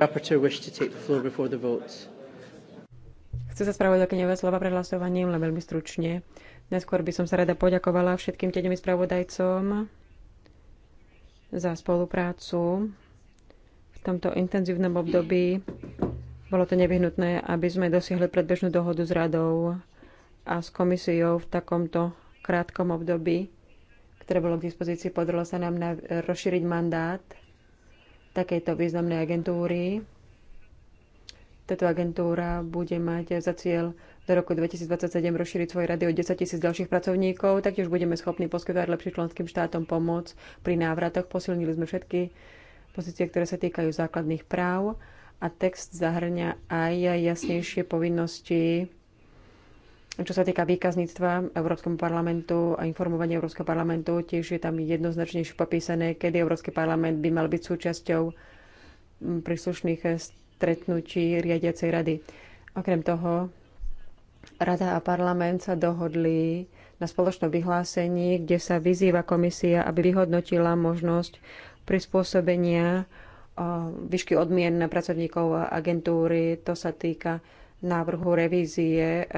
Rapporteur wish to take the floor before the vote. sa spravodajkyňové slova pred hlasovaním, len veľmi stručne. Neskôr by som sa rada poďakovala všetkým tedem spravodajcom za spoluprácu v tomto intenzívnom období. Bolo to nevyhnutné, aby sme dosiahli predbežnú dohodu s radou a s komisiou v takomto krátkom období, ktoré bolo k dispozícii. Podarilo sa nám rozšíriť mandát takejto významnej agentúry. Táto agentúra bude mať za cieľ do roku 2027 rozšíriť svoje rady o 10 tisíc ďalších pracovníkov, taktiež budeme schopní poskytovať lepším členským štátom pomoc pri návratoch. Posilnili sme všetky pozície, ktoré sa týkajú základných práv a text zahrňa aj jasnejšie povinnosti čo sa týka výkazníctva Európskemu parlamentu a informovania Európskeho parlamentu, tiež je tam jednoznačnejšie popísané, kedy Európsky parlament by mal byť súčasťou mm, príslušných stretnutí riadiacej rady. Okrem toho, Rada a parlament sa dohodli na spoločnom vyhlásení, kde sa vyzýva komisia, aby vyhodnotila možnosť prispôsobenia výšky odmien pracovníkov agentúry. To sa týka návrhu revízie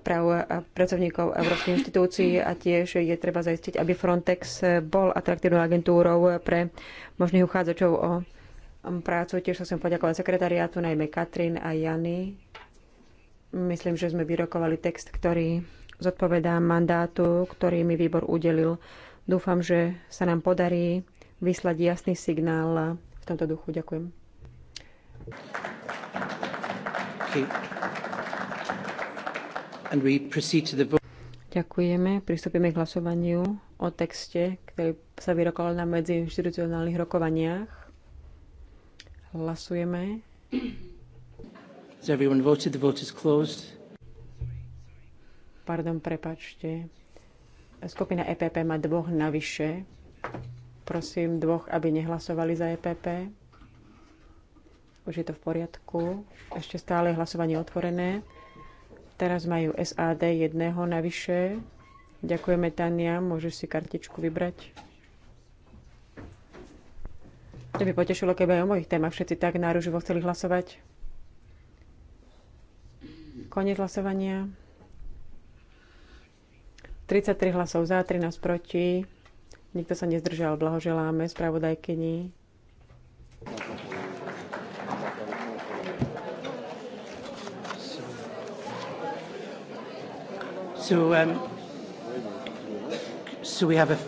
práv pracovníkov Európskej inštitúcií a tiež je treba zaistiť, aby Frontex bol atraktívnou agentúrou pre možných uchádzačov o prácu. Tiež sa chcem poďakovať sekretariátu, najmä Katrin a Jany. Myslím, že sme vyrokovali text, ktorý zodpovedá mandátu, ktorý mi výbor udelil. Dúfam, že sa nám podarí vyslať jasný signál v tomto duchu. Ďakujem. Okay. Ďakujeme. Pristúpime k hlasovaniu o texte, ktorý sa vyrokoval na medziinstitucionálnych rokovaniach. Hlasujeme. Has everyone voted? The vote is closed. Pardon, prepačte. Skupina EPP má dvoch navyše. Prosím dvoch, aby nehlasovali za EPP. Už je to v poriadku. Ešte stále je hlasovanie otvorené. Teraz majú SAD jedného navyše. Ďakujeme, Tania. Môžeš si kartičku vybrať. To by potešilo, keby aj o mojich témach všetci tak náruživo chceli hlasovať. Koniec hlasovania. 33 hlasov za, 13 proti. Nikto sa nezdržal. Blahoželáme spravodajkyni. Um, so, we have a,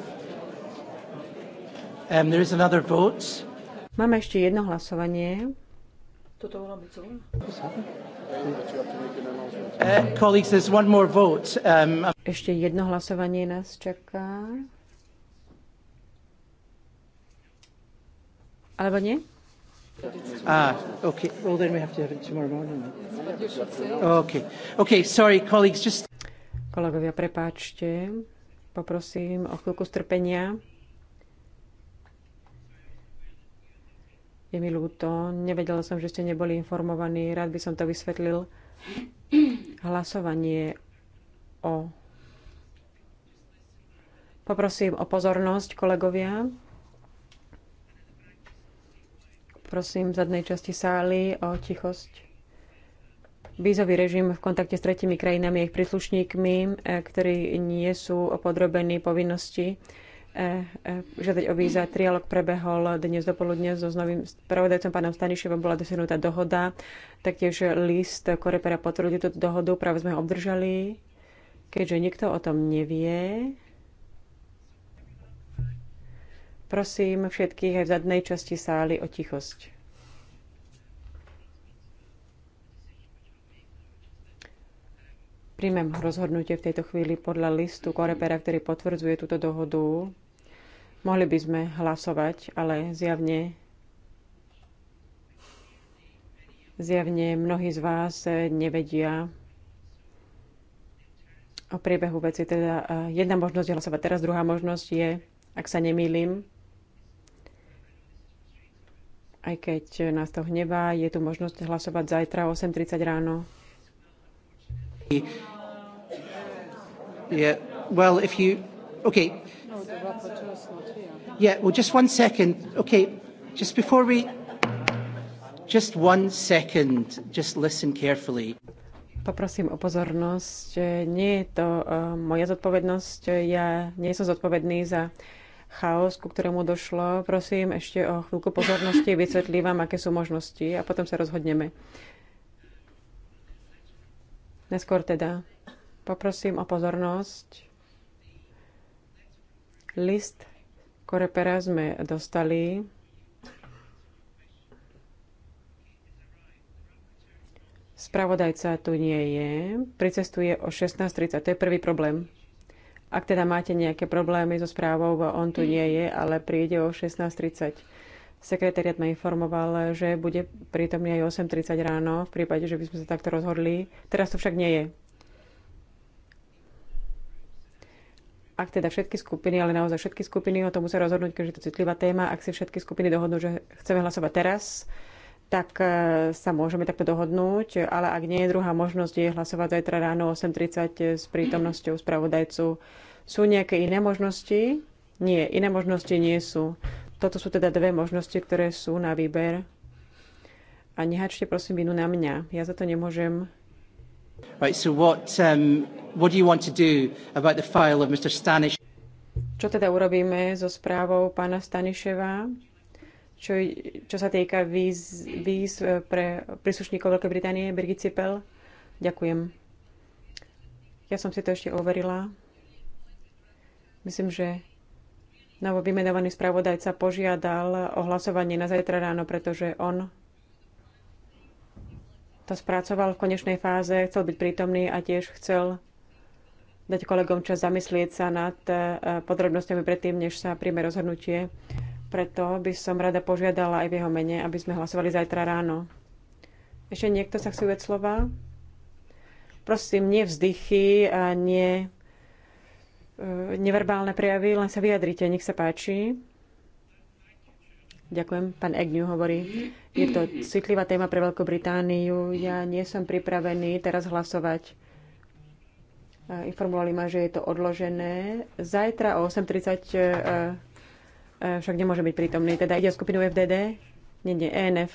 um, there is another vote. Máme ešte jedno hlasovanie. Toto volám byť celým. Uh, colleagues, there's one more vote. Um, ešte jedno hlasovanie nás čaká. Alebo nie? Ah, okay. Well, then we have to have it tomorrow morning. Okay. Okay, sorry, colleagues, just... Kolegovia, prepáčte. Poprosím o chvíľku strpenia. Je mi ľúto. Nevedela som, že ste neboli informovaní. Rád by som to vysvetlil. Hlasovanie o... Poprosím o pozornosť, kolegovia. Prosím v zadnej časti sály o tichosť vízový režim v kontakte s tretimi krajinami a ich príslušníkmi, e, ktorí nie sú podrobení povinnosti e, e, žiadať o víza. Trialog prebehol dnes dopoludne so s novým spravodajcom pánom Staniševom bola dosiahnutá dohoda. Taktiež list Korepera potvrdil túto dohodu, práve sme ho obdržali, keďže nikto o tom nevie. Prosím všetkých aj v zadnej časti sály o tichosť. Príjmem rozhodnutie v tejto chvíli podľa listu Korepera, ktorý potvrdzuje túto dohodu. Mohli by sme hlasovať, ale zjavne zjavne mnohí z vás nevedia o priebehu veci. Teda jedna možnosť je hlasovať teraz, druhá možnosť je, ak sa nemýlim, aj keď nás to hnevá, je tu možnosť hlasovať zajtra o 8.30 ráno. Yeah, well, if you... Okay. No, the rapporteur's not here. Yeah, well, just one second. Okay, just before we... Just one second. Just listen carefully. Poprosím o pozornosť. Nie je to eh, moja zodpovednosť. Ja nie som zodpovedný za chaos, ku ktorému došlo. Prosím ešte o chvíľku pozornosti. Vysvetlím vám, aké sú možnosti a potom sa rozhodneme. Neskôr teda Poprosím o pozornosť. List Korepera sme dostali. Spravodajca tu nie je. Pricestuje o 16.30. To je prvý problém. Ak teda máte nejaké problémy so správou, on tu nie je, ale príde o 16.30. Sekretariat ma informoval, že bude prítomný aj 8.30 ráno, v prípade, že by sme sa takto rozhodli. Teraz to však nie je. ak teda všetky skupiny, ale naozaj všetky skupiny o tom musia rozhodnúť, keďže je to citlivá téma, ak si všetky skupiny dohodnú, že chceme hlasovať teraz, tak e, sa môžeme takto dohodnúť, ale ak nie, druhá možnosť je hlasovať zajtra ráno 8.30 s prítomnosťou spravodajcu. Sú nejaké iné možnosti? Nie, iné možnosti nie sú. Toto sú teda dve možnosti, ktoré sú na výber. A nehačte prosím vinu na mňa. Ja za to nemôžem Um, čo teda urobíme so správou pána Staniševa, čo, čo sa týka víz, víz eh, pre príslušníkov Veľkej Británie, Birgit Cipel? Ďakujem. Ja som si to ešte overila. Myslím, že novo vymenovaný správodajca požiadal o hlasovanie na zajtra ráno, pretože on to spracoval v konečnej fáze, chcel byť prítomný a tiež chcel dať kolegom čas zamyslieť sa nad e, podrobnosťami predtým, než sa príjme rozhodnutie. Preto by som rada požiadala aj v jeho mene, aby sme hlasovali zajtra ráno. Ešte niekto sa chce uvedť slova? Prosím, nie vzdychy, a nie e, neverbálne prejavy, len sa vyjadrite, nech sa páči. Ďakujem, pán Egňu hovorí. Je to citlivá téma pre Veľkú Britániu. Ja nie som pripravený teraz hlasovať. Informovali ma, že je to odložené. Zajtra o 8.30 e, e, však nemôže byť prítomný. Teda ide o skupinu FDD? Nie, nie, ENF.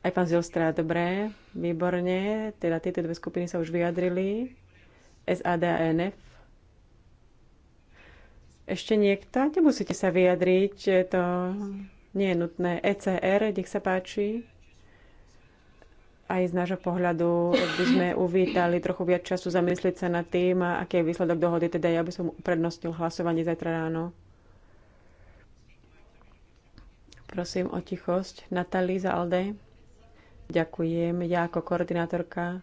Aj pán Zilstra, dobré, výborne. Teda tieto dve skupiny sa už vyjadrili. SAD a ENF. Ešte niekto? Nemusíte sa vyjadriť, to nie je nutné. ECR, nech sa páči. Aj z nášho pohľadu by sme uvítali trochu viac času zamyslieť sa nad tým, aký je výsledok dohody. Teda ja by som uprednostnil hlasovanie zajtra ráno. Prosím o tichosť. Natali za Alde. Ďakujem. Ja ako koordinátorka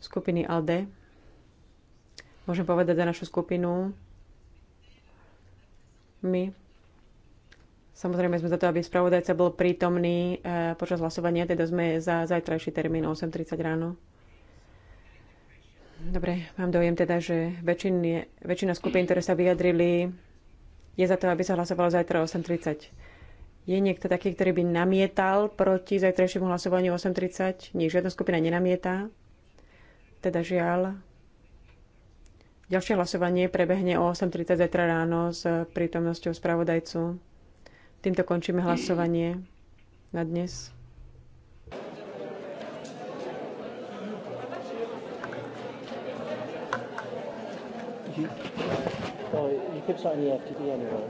skupiny ALDE môžem povedať za našu skupinu, my samozrejme sme za to, aby spravodajca bol prítomný e, počas hlasovania, teda sme za zajtrajší termín 8.30 ráno. Dobre, mám dojem teda, že väčšine, väčšina skupín, ktoré sa vyjadrili, je za to, aby sa hlasovalo zajtra 8.30. Je niekto taký, ktorý by namietal proti zajtrajšiemu hlasovaniu 8.30? Nie, žiadna skupina nenamieta. Teda žiaľ, Ďalšie hlasovanie prebehne o 8.30 zajtra ráno s prítomnosťou spravodajcu. Týmto končíme hlasovanie na dnes. you could sign the FTP anyway.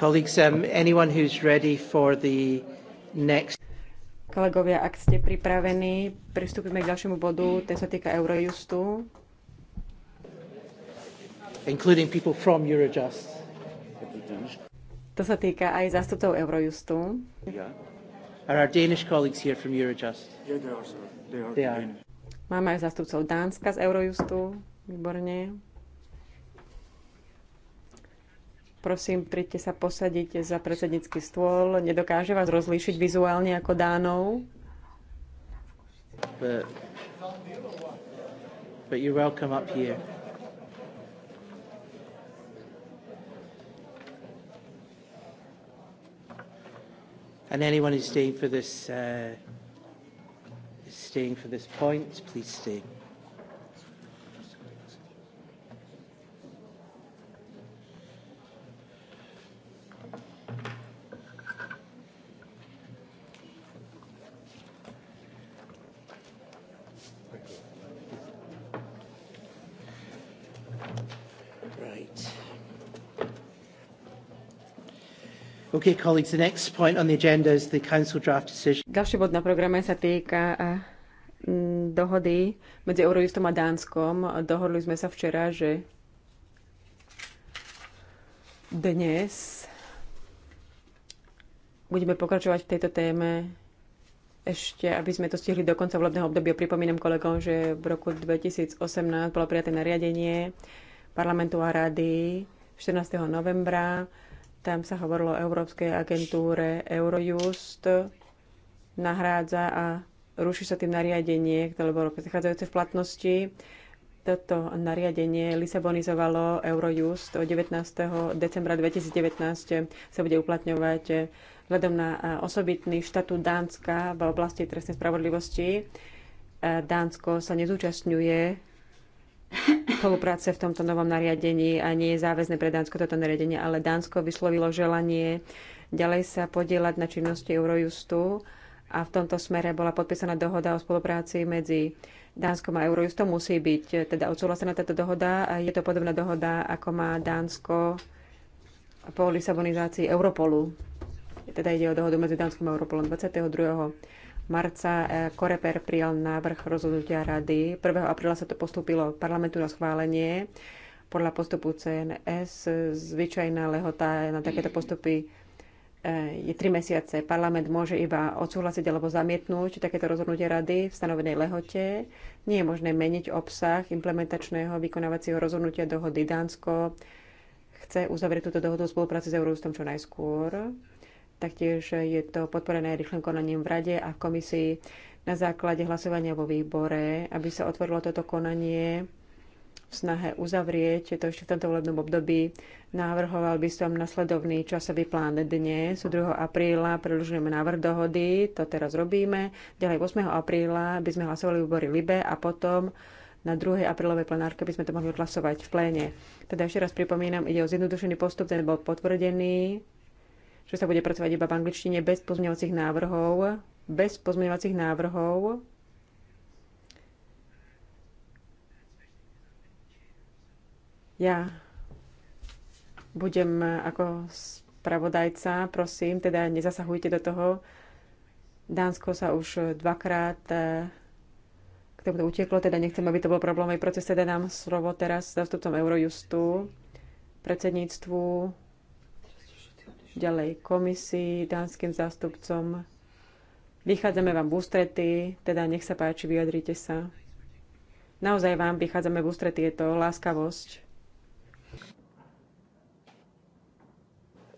Colleagues, um, anyone who's ready for the next... Kolegovia, ak ste pripravení, pristúpime k ďalšiemu bodu, ten sa týka Eurojustu. Including people from Eurojust. To sa týka aj zástupcov Eurojustu. Yeah. Are our Danish colleagues here from Eurojust? Yeah, they are, sir. They are. They are. Máme aj zástupcov Dánska z Eurojustu. Výborne. Prosím, príďte sa posadiť za predsednícky stôl. Nedokáže vás rozlíšiť vizuálne ako Dánov? But, but you're welcome up here. And anyone who's staying for this, uh, staying for this point, please stay. Okay, colleagues, the next point on the agenda is the council draft decision. Ďalší bod na programe sa týka eh, dohody medzi Eurojustom a Dánskom. Dohodli sme sa včera, že dnes budeme pokračovať v tejto téme ešte, aby sme to stihli do konca volebného obdobia. Pripomínam kolegom, že v roku 2018 bolo prijaté nariadenie parlamentu a rady 14. novembra tam sa hovorilo o Európskej agentúre Eurojust. Nahrádza a ruší sa tým nariadenie, ktoré bolo prechádzajúce v platnosti. Toto nariadenie lisabonizovalo Eurojust od 19. decembra 2019 sa bude uplatňovať vzhľadom na osobitný štatú Dánska v oblasti trestnej spravodlivosti. Dánsko sa nezúčastňuje spolupráce v tomto novom nariadení a nie je záväzné pre Dánsko toto nariadenie, ale Dánsko vyslovilo želanie ďalej sa podielať na činnosti Eurojustu a v tomto smere bola podpísaná dohoda o spolupráci medzi Dánskom a Eurojustom. Musí byť eh, teda odsúhlasená táto dohoda a je to podobná dohoda, ako má Dánsko po lisabonizácii Europolu. Teda ide o dohodu medzi Dánskom a Europolom 22 marca e, Koreper prijal návrh rozhodnutia rady. 1. apríla sa to postúpilo parlamentu na schválenie. Podľa postupu CNS zvyčajná lehota na takéto postupy e, je 3 mesiace. Parlament môže iba odsúhlasiť alebo zamietnúť takéto rozhodnutie rady v stanovenej lehote. Nie je možné meniť obsah implementačného vykonávacieho rozhodnutia dohody Dánsko chce uzavrieť túto dohodu o spolupráci s Eurostom čo najskôr Taktiež je to podporené rýchlym konaním v Rade a v komisii na základe hlasovania vo výbore, aby sa otvorilo toto konanie v snahe uzavrieť, je to ešte v tomto volebnom období, návrhoval by som nasledovný časový plán dnes. 2. apríla predlžujeme návrh dohody, to teraz robíme. Ďalej 8. apríla by sme hlasovali v výbore LIBE a potom na 2. aprílovej plenárke by sme to mohli hlasovať v pléne. Teda ešte raz pripomínam, ide o zjednodušený postup, ten bol potvrdený že sa bude pracovať iba v angličtine bez pozmeňovacích návrhov, bez pozmeňovacích návrhov. Ja budem ako spravodajca, prosím, teda nezasahujte do toho. Dánsko sa už dvakrát eh, k tomu utieklo, teda nechcem, aby to bol problémový proces, teda dám slovo teraz zástupcom Eurojustu, predsedníctvu ďalej komisii, dánskym zástupcom. Vychádzame vám v ústrety, teda nech sa páči, vyjadrite sa. Naozaj vám vychádzame v ústrety, je to láskavosť.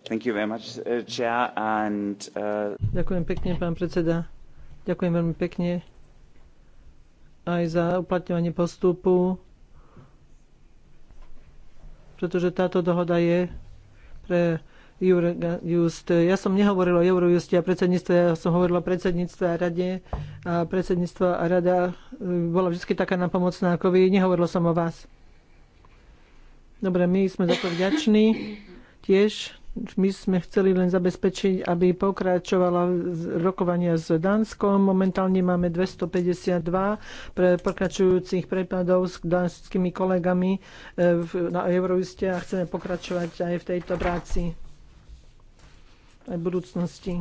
Thank you very much, uh, chair, and, uh... Ďakujem pekne, pán predseda. Ďakujem veľmi pekne aj za uplatňovanie postupu, pretože táto dohoda je pre Eurojust. Ja som nehovorila o Eurojuste a predsedníctve, ja som hovorila o predsedníctve a rade. A predsedníctvo a rada e, bola vždy taká napomocná ako vy. Nehovorila som o vás. Dobre, my sme za to vďační tiež. My sme chceli len zabezpečiť, aby pokračovala rokovania s Dánskom. Momentálne máme 252 pre pokračujúcich prepadov s dánskymi kolegami e, na Eurojuste a chceme pokračovať aj v tejto práci aj v budúcnosti.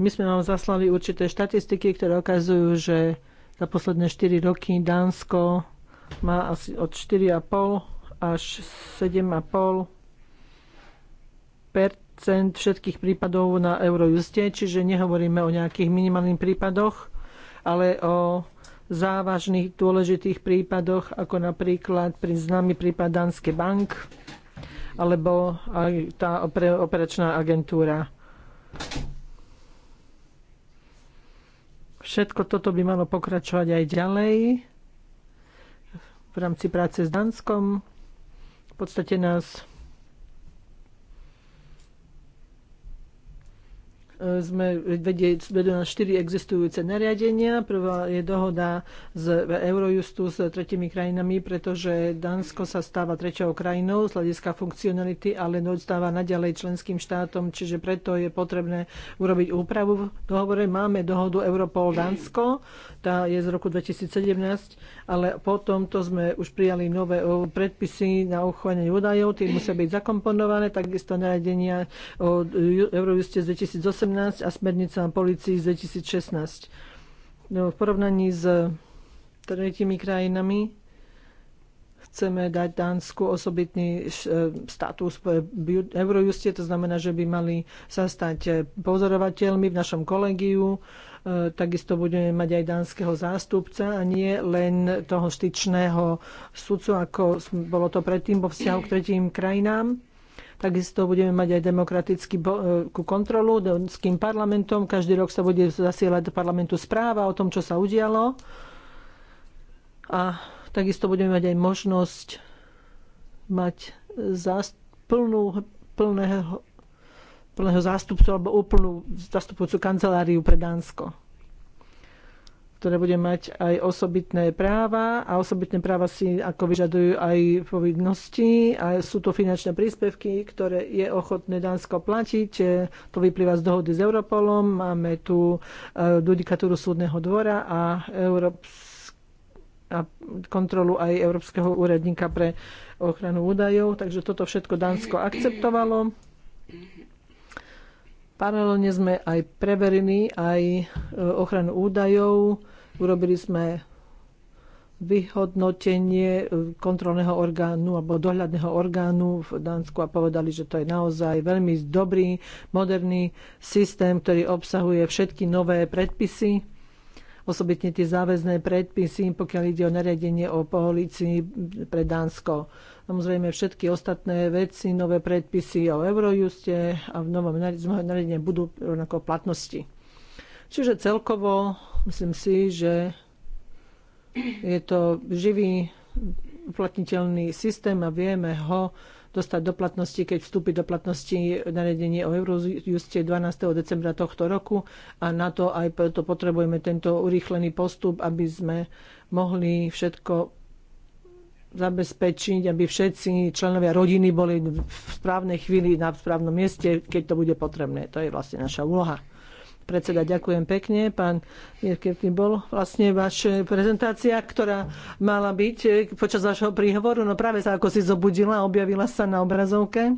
My sme vám zaslali určité štatistiky, ktoré ukazujú, že za posledné 4 roky Dánsko má asi od 4,5 až 7,5 všetkých prípadov na Eurojuste, čiže nehovoríme o nejakých minimálnych prípadoch, ale o závažných dôležitých prípadoch, ako napríklad pri známy prípad Danske Bank, alebo aj tá operačná agentúra. Všetko toto by malo pokračovať aj ďalej v rámci práce s Danskom. V podstate nás E, sme vedú na štyri existujúce nariadenia. Prvá je dohoda z Eurojustu s tretimi krajinami, pretože Dánsko sa stáva treťou krajinou z hľadiska funkcionality, ale stáva naďalej členským štátom, čiže preto je potrebné urobiť úpravu v dohovore. Máme dohodu Europol Dánsko, tá je z roku 2017, ale po tomto sme už prijali nové predpisy na ochovanie údajov, tie musia byť zakomponované, takisto nariadenia o Eurojuste z 2018 2018 a smernica o policii z 2016. No, v porovnaní s tretimi krajinami chceme dať Dánsku osobitný e, status v Eurojuste, to znamená, že by mali sa stať e, pozorovateľmi v našom kolegiu, e, takisto budeme mať aj dánskeho zástupca a nie len toho štyčného sudcu, ako bolo to predtým vo vzťahu k tretím krajinám. Takisto budeme mať aj demokratickú e, kontrolu kým parlamentom. Každý rok sa bude zasielať do parlamentu správa o tom, čo sa udialo. A takisto budeme mať aj možnosť mať plnú, plného, plného zástupcu alebo úplnú zastupujúcu kanceláriu pre Dánsko ktoré bude mať aj osobitné práva a osobitné práva si ako vyžadujú aj povinnosti a sú to finančné príspevky, ktoré je ochotné Dánsko platiť. To vyplýva z dohody s Europolom, máme tu e, judikatúru súdneho dvora a, Európs- a kontrolu aj Európskeho úradníka pre ochranu údajov. Takže toto všetko Dánsko akceptovalo. Paralelne sme aj preverili aj e, ochranu údajov Urobili sme vyhodnotenie eh, kontrolného orgánu alebo dohľadného orgánu v Dánsku a povedali, že to je naozaj veľmi dobrý, moderný systém, ktorý obsahuje všetky nové predpisy, osobitne tie záväzné predpisy, pokiaľ ide o nariadenie o policii pre Dánsko. Samozrejme všetky ostatné veci, nové predpisy o Eurojuste a v novom nariadení budú rovnako platnosti. Čiže celkovo Myslím si, že je to živý uplatniteľný systém a vieme ho dostať do platnosti, keď vstúpi do platnosti nariadenie o Eurojuste 12. decembra tohto roku a na to aj preto potrebujeme tento urýchlený postup, aby sme mohli všetko zabezpečiť, aby všetci členovia rodiny boli v správnej chvíli na správnom mieste, keď to bude potrebné. To je vlastne naša úloha. Predseda, ďakujem pekne. Pán Mirkevky, bol vlastne vaša prezentácia, ktorá mala byť eh, počas vašho príhovoru, no práve sa ako si zobudila, objavila sa na obrazovke.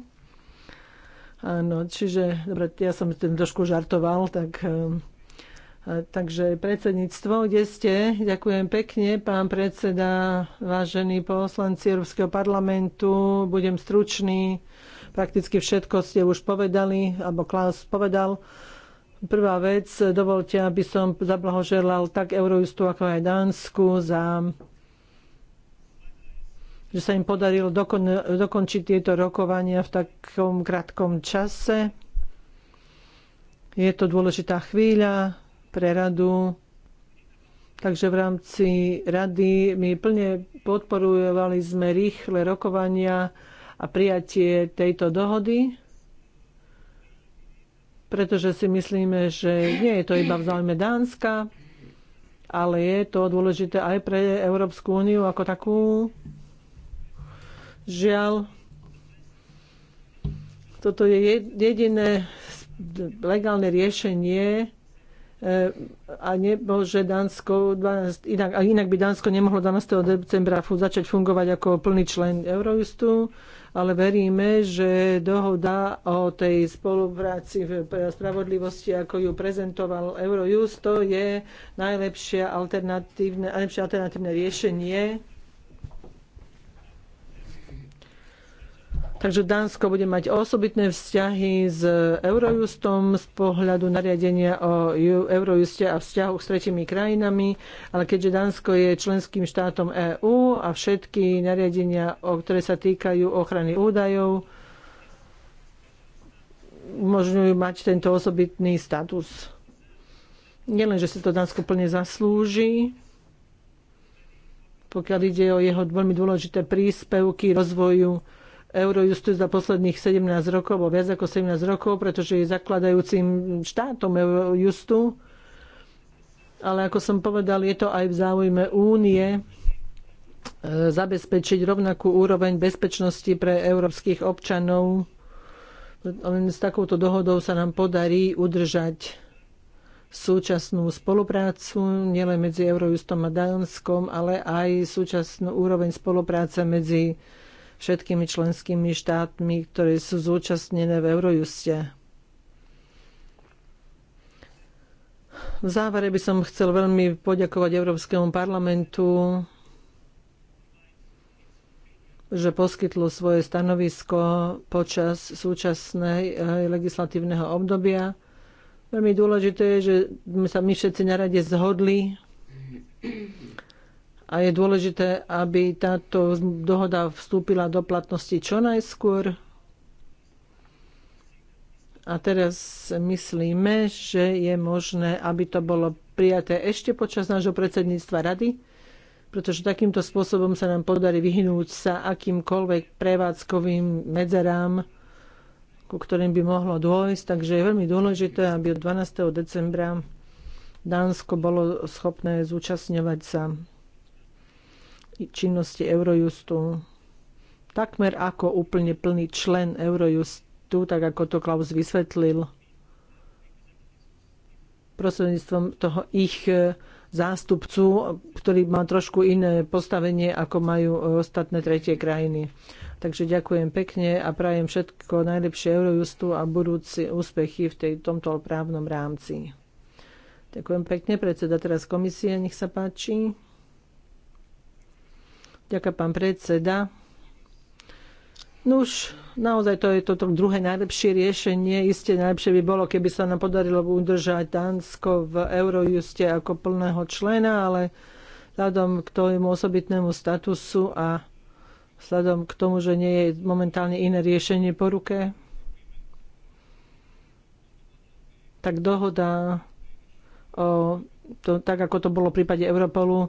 Áno, čiže, dobre, ja som ten trošku žartoval, tak eh, eh, Takže predsedníctvo, kde ste? Ďakujem pekne, pán predseda, vážení poslanci Európskeho parlamentu. Budem stručný. Prakticky všetko ste už povedali, alebo Klaus povedal. Prvá vec, dovolte, aby som zablahoželal tak Eurojustu, ako aj Dánsku za že sa im podarilo dokon, dokončiť tieto rokovania v takom krátkom čase. Je to dôležitá chvíľa pre radu, takže v rámci rady my plne podporovali sme rýchle rokovania a prijatie tejto dohody pretože si myslíme, že nie je to iba v záujme Dánska, ale je to dôležité aj pre Európsku úniu ako takú. Žiaľ, toto je jediné legálne riešenie eh, a nemôže Dánsko, inak, inak by Dánsko nemohlo 12. decembra začať fungovať ako plný člen Eurojustu ale veríme, že dohoda o tej spolupráci v spravodlivosti, ako ju prezentoval Eurojust, to je najlepšie alternatívne, najlepšie alternatívne riešenie Takže Dánsko bude mať osobitné vzťahy s Eurojustom z pohľadu nariadenia o Eurojuste a vzťahoch s tretimi krajinami, ale keďže Dánsko je členským štátom EÚ a všetky nariadenia, ktoré sa týkajú ochrany údajov, umožňujú mať tento osobitný status. Nielen, že si to Dánsko plne zaslúži, pokiaľ ide o jeho veľmi dôležité príspevky rozvoju Eurojustu za posledných 17 rokov, alebo viac ako 17 rokov, pretože je zakladajúcim štátom Eurojustu. Ale ako som povedal, je to aj v záujme únie e, zabezpečiť rovnakú úroveň bezpečnosti pre európskych občanov. Len s takouto dohodou sa nám podarí udržať súčasnú spoluprácu nielen medzi Eurojustom a Dánskom, ale aj súčasnú úroveň spolupráce medzi všetkými členskými štátmi, ktoré sú zúčastnené v Eurojuste. V závere by som chcel veľmi poďakovať Európskemu parlamentu, že poskytlo svoje stanovisko počas súčasnej eh, legislatívneho obdobia. Veľmi dôležité je, že sa my všetci na zhodli a je dôležité, aby táto dohoda vstúpila do platnosti čo najskôr. A teraz myslíme, že je možné, aby to bolo prijaté ešte počas nášho predsedníctva rady, pretože takýmto spôsobom sa nám podarí vyhnúť sa akýmkoľvek prevádzkovým medzerám, ku ktorým by mohlo dôjsť. Takže je veľmi dôležité, aby od 12. decembra Dánsko bolo schopné zúčastňovať sa činnosti Eurojustu. Takmer ako úplne plný člen Eurojustu, tak ako to Klaus vysvetlil, prostredníctvom toho ich e, zástupcu, ktorý má trošku iné postavenie, ako majú e, ostatné tretie krajiny. Takže ďakujem pekne a prajem všetko najlepšie Eurojustu a budúci úspechy v tej, tomto právnom rámci. Ďakujem pekne, predseda teraz komisie, nech sa páči. Ďakujem, pán predseda. Nuž, naozaj to je toto druhé najlepšie riešenie. Isté najlepšie by bolo, keby sa nám podarilo udržať Dánsko v Eurojuste ako plného člena, ale vzhľadom k tomu osobitnému statusu a vzhľadom k tomu, že nie je momentálne iné riešenie po ruke, tak dohoda o to, tak ako to bolo v prípade Europolu, e,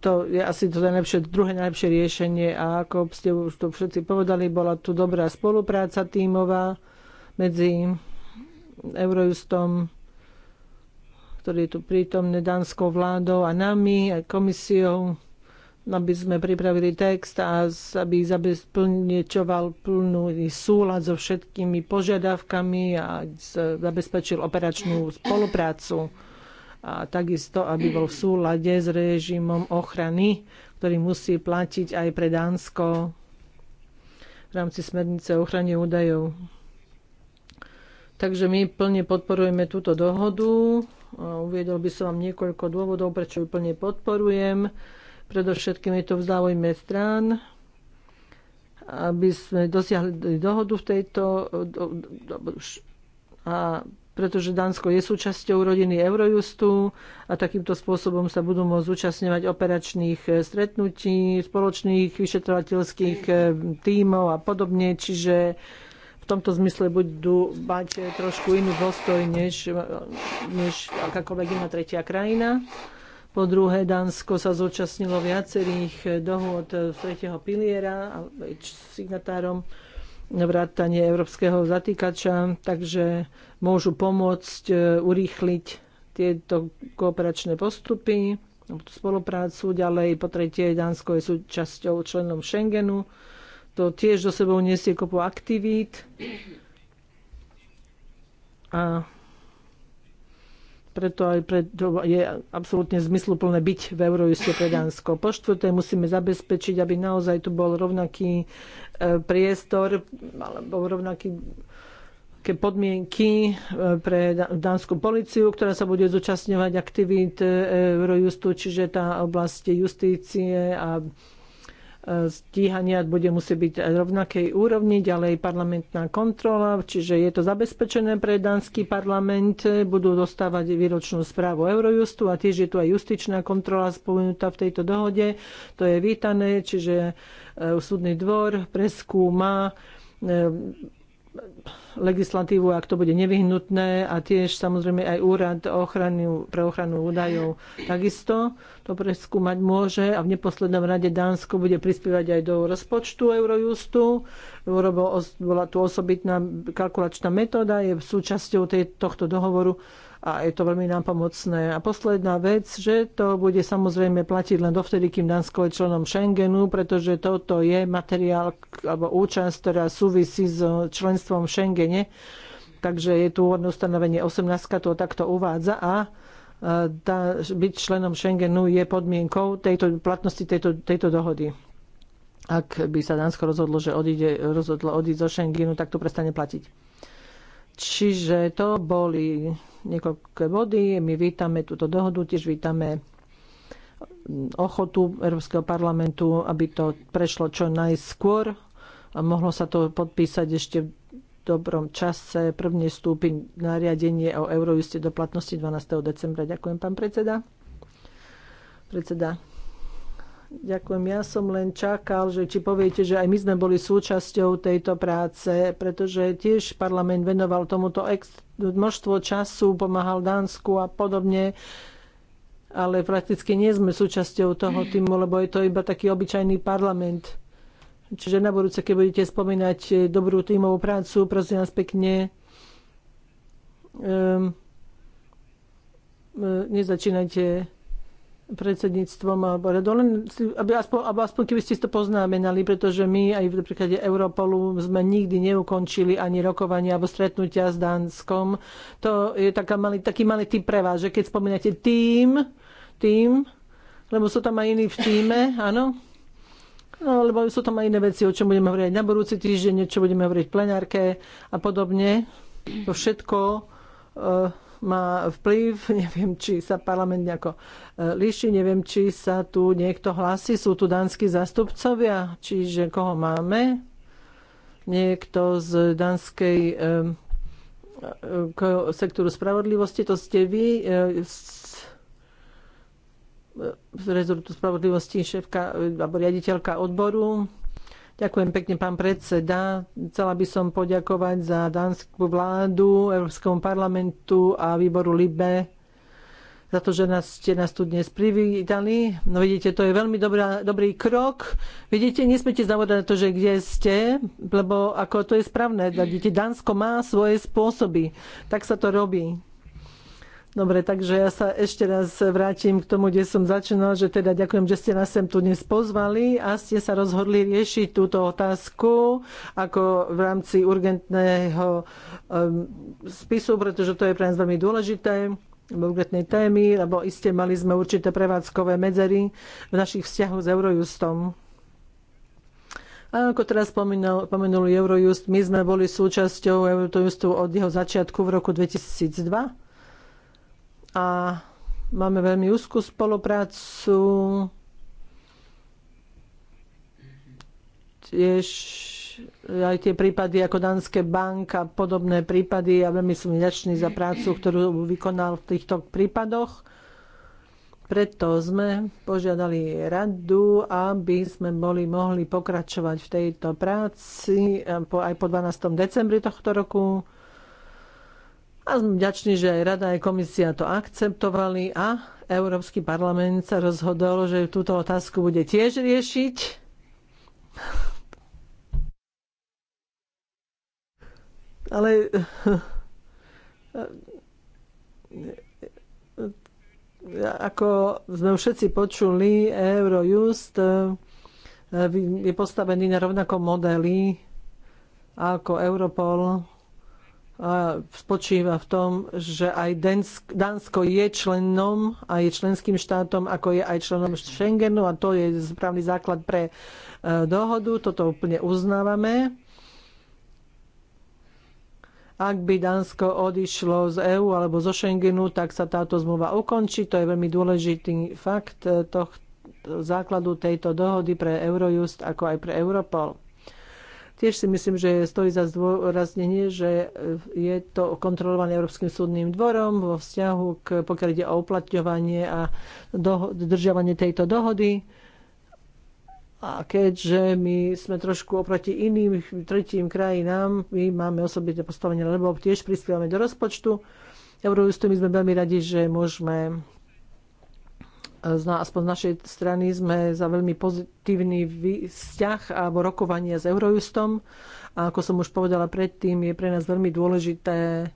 to je asi to najlepšie, druhé najlepšie riešenie a ako ste už to všetci povedali, bola tu dobrá spolupráca tímová medzi Eurojustom, ktorý je tu prítomný dánskou vládou a nami, a komisiou, aby sme pripravili text a aby zabezpečoval plný súlad so všetkými požiadavkami a zabezpečil operačnú spoluprácu a takisto, aby bol v súlade s režimom ochrany, ktorý musí platiť aj pre Dánsko v rámci smernice o ochrane údajov. Takže my plne podporujeme túto dohodu. Uviedol by som vám niekoľko dôvodov, prečo ju plne podporujem. Predovšetkým je to v záujme strán, aby sme dosiahli dohodu v tejto a pretože Dánsko je súčasťou rodiny Eurojustu a takýmto spôsobom sa budú môcť zúčastňovať operačných eh, stretnutí, spoločných vyšetrovateľských eh, tímov a podobne. Čiže v tomto zmysle budú mať eh, trošku iný postoj než, než akákoľvek iná tretia krajina. Po druhé, Dánsko sa zúčastnilo viacerých dohôd z tretieho piliera a signatárom vrátanie európskeho zatýkača, takže môžu pomôcť e, urýchliť tieto kooperačné postupy, spoluprácu ďalej. Po tretie, Dánsko je súčasťou členom Schengenu. To tiež do sebou nesie kopu aktivít. A preto aj pre, je absolútne zmysluplné byť v Eurojuste pre Dánsko. Po štvrté musíme zabezpečiť, aby naozaj tu bol rovnaký e, priestor alebo rovnaký podmienky e, pre dánsku policiu, ktorá sa bude zúčastňovať aktivít e, Eurojustu, čiže tá oblasti justície a stíhania bude musieť byť rovnakej úrovni, ďalej parlamentná kontrola, čiže je to zabezpečené pre dánsky parlament, budú dostávať výročnú správu Eurojustu a tiež je tu aj justičná kontrola spomenutá v tejto dohode, to je vítané, čiže e, súdny dvor preskúma e, legislatívu, ak to bude nevyhnutné a tiež samozrejme aj úrad ochranu, pre ochranu údajov takisto to preskúmať môže a v neposlednom rade Dánsko bude prispievať aj do rozpočtu Eurojustu. Bola tu osobitná kalkulačná metóda, je súčasťou tej, tohto dohovoru a je to veľmi nám pomocné. A posledná vec, že to bude samozrejme platiť len dovtedy, kým Dánsko je členom Schengenu, pretože toto je materiál alebo účasť, ktorá súvisí s členstvom v Schengene. Takže je tu úvodné ustanovenie 18, to takto uvádza a e, tá, byť členom Schengenu je podmienkou tejto platnosti tejto, tejto dohody ak by sa Dánsko rozhodlo, že odíde, rozhodlo odísť zo Schengenu, tak to prestane platiť. Čiže to boli niekoľké body. My vítame túto dohodu, tiež vítame ochotu Európskeho parlamentu, aby to prešlo čo najskôr a mohlo sa to podpísať ešte v dobrom čase. Prvne stúpi nariadenie o eurojuste do platnosti 12. decembra. Ďakujem, pán predseda. Predseda Ďakujem. Ja som len čakal, že či poviete, že aj my sme boli súčasťou tejto práce, pretože tiež parlament venoval tomuto množstvo času, pomáhal Dánsku a podobne ale prakticky nie sme súčasťou toho týmu, lebo je to iba taký obyčajný parlament. Čiže na budúce, keď budete spomínať eh, dobrú tímovú prácu, prosím vás pekne, um, nezačínajte predsedníctvom, alebo len, aby aspoň, aby aspoň keby ste to poznamenali, pretože my aj v príklade Europolu sme nikdy neukončili ani rokovania alebo stretnutia s Dánskom. To je taká malý, taký malý typ pre vás, že keď spomínate tým, tým, lebo sú tam aj iní v týme, áno? No, lebo sú tam aj iné veci, o čom budeme hovoriť na budúci týždeň, čo budeme hovoriť v plenárke a podobne. To všetko uh, má vplyv, neviem, či sa parlament nejako e, líši, neviem, či sa tu niekto hlási, sú tu dánsky zastupcovia, čiže koho máme? Niekto z danskej e, e, sektoru spravodlivosti, to ste vy, z rezortu spravodlivosti šéfka alebo riaditeľka odboru. Ďakujem pekne, pán predseda. Chcela by som poďakovať za dánsku vládu, Európskom parlamentu a výboru LIBE za to, že nás, ste nás tu dnes privítali. No vidíte, to je veľmi dobrá, dobrý krok. Vidíte, nesmete zavodať na to, že kde ste, lebo ako to je správne. Vidíte, Dánsko má svoje spôsoby. Tak sa to robí. Dobre, takže ja sa ešte raz vrátim k tomu, kde som začínal, že teda ďakujem, že ste nás sem tu dnes pozvali a ste sa rozhodli riešiť túto otázku ako v rámci urgentného ehm, spisu, pretože to je pre nás veľmi dôležité urgentnej témy, lebo iste mali sme určité prevádzkové medzery v našich vzťahoch s Eurojustom. A ako teraz pomenul pomenul Eurojust, my sme boli súčasťou Eurojustu od jeho začiatku v roku 2002 a máme veľmi úzkú spoluprácu. Tiež aj tie prípady ako Danske bank a podobné prípady. Ja veľmi som vďačný za prácu, ktorú vykonal v týchto prípadoch. Preto sme požiadali radu, aby sme boli, mohli pokračovať v tejto práci eh, aj po 12. decembri tohto roku. A som vďačný, že aj Rada, aj komisia to akceptovali a Európsky parlament sa rozhodol, že túto otázku bude tiež riešiť. Ale eh, eh, ako sme všetci počuli, Eurojust eh, je postavený na rovnakom modeli ako Europol spočíva v tom, že aj Dánsko je členom a je členským štátom, ako je aj členom Schengenu a to je správny základ pre e, dohodu. Toto úplne uznávame. Ak by Dánsko odišlo z EÚ alebo zo Schengenu, tak sa táto zmluva ukončí. To je veľmi dôležitý fakt e, základu tejto dohody pre Eurojust ako aj pre Europol. Tiež si myslím, že stojí za zdôraznenie, že je to kontrolované Európskym súdnym dvorom vo vzťahu k, pokiaľ ide o uplatňovanie a dodržiavanie tejto dohody. A keďže my sme trošku oproti iným tretím krajinám, my máme osobitné postavenie, lebo tiež prispievame do rozpočtu Eurojustu, my sme veľmi radi, že môžeme aspoň z našej strany sme za veľmi pozitívny vzťah alebo rokovanie s Eurojustom. A ako som už povedala predtým, je pre nás veľmi dôležité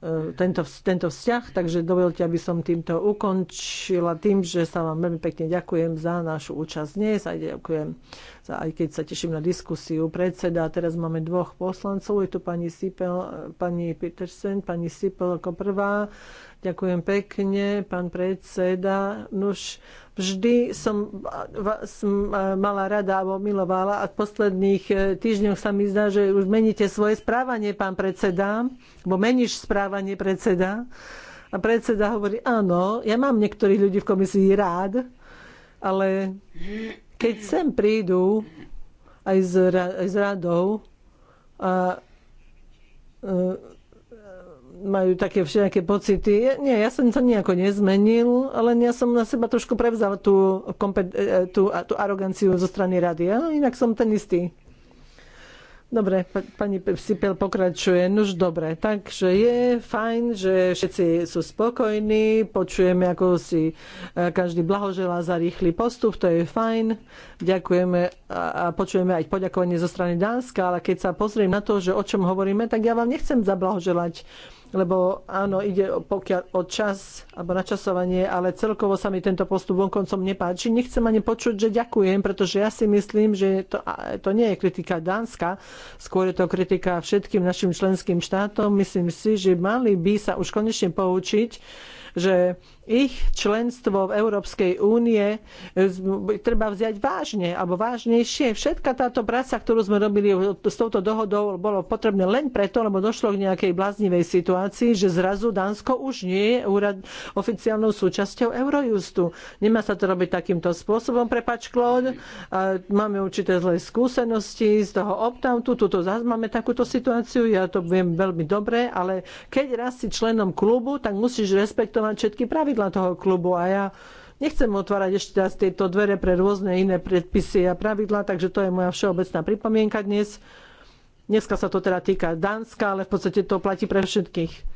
e, tento, tento vzťah, takže dovolte, aby som týmto ukončila tým, že sa vám veľmi pekne ďakujem za našu účasť dnes a ďakujem, za, aj keď sa teším na diskusiu predseda. Teraz máme dvoch poslancov, je tu pani, Sipel, e, pani Petersen, pani Sipel ako prvá Ďakujem pekne, pán predseda. Nuž, vždy som, vás e, mala rada alebo milovala a v posledných e, týždňoch sa mi zdá, že už meníte svoje správanie, pán predseda, bo meníš správanie predseda. A predseda hovorí, áno, ja mám niektorých ľudí v komisii rád, ale keď sem prídu aj s, aj s radou a, a e, majú také všetké pocity. Nie, ja som sa nejako nezmenil, len ja som na seba trošku prevzal tú, e, e, tú, tú aroganciu zo strany rady. Ja, inak som ten istý. Dobre, pani Sipel pokračuje. Nož dobre, takže je fajn, že všetci sú spokojní, počujeme, ako si e, každý blahoželá za rýchly postup, to je fajn. Ďakujeme a počujeme aj poďakovanie zo strany Dánska, ale keď sa pozriem na to, že o čom hovoríme, tak ja vám nechcem zablahoželať lebo áno, ide pokiaľ o čas alebo načasovanie, ale celkovo sa mi tento postup vonkoncom nepáči. Nechcem ani počuť, že ďakujem, pretože ja si myslím, že to, to nie je kritika Dánska, skôr je to kritika všetkým našim členským štátom. Myslím si, že mali by sa už konečne poučiť, že ich členstvo v Európskej únie e, treba vziať vážne alebo vážnejšie. Všetka táto práca, ktorú sme robili s touto dohodou, bolo potrebné len preto, lebo došlo k nejakej bláznivej situácii, že zrazu Dánsko už nie je úrad oficiálnou súčasťou Eurojustu. Nemá sa to robiť takýmto spôsobom, prepač Klón. Máme určité zlé skúsenosti z toho opt-outu, tuto zase máme takúto situáciu, ja to viem veľmi dobre, ale keď raz si členom klubu, tak musíš respektovať všetky pravidlá člen toho klubu a ja nechcem otvárať ešte raz tieto dvere pre rôzne iné predpisy a pravidlá, takže to je moja všeobecná pripomienka dnes. Dneska sa to teda týka Dánska, ale v podstate to platí pre všetkých.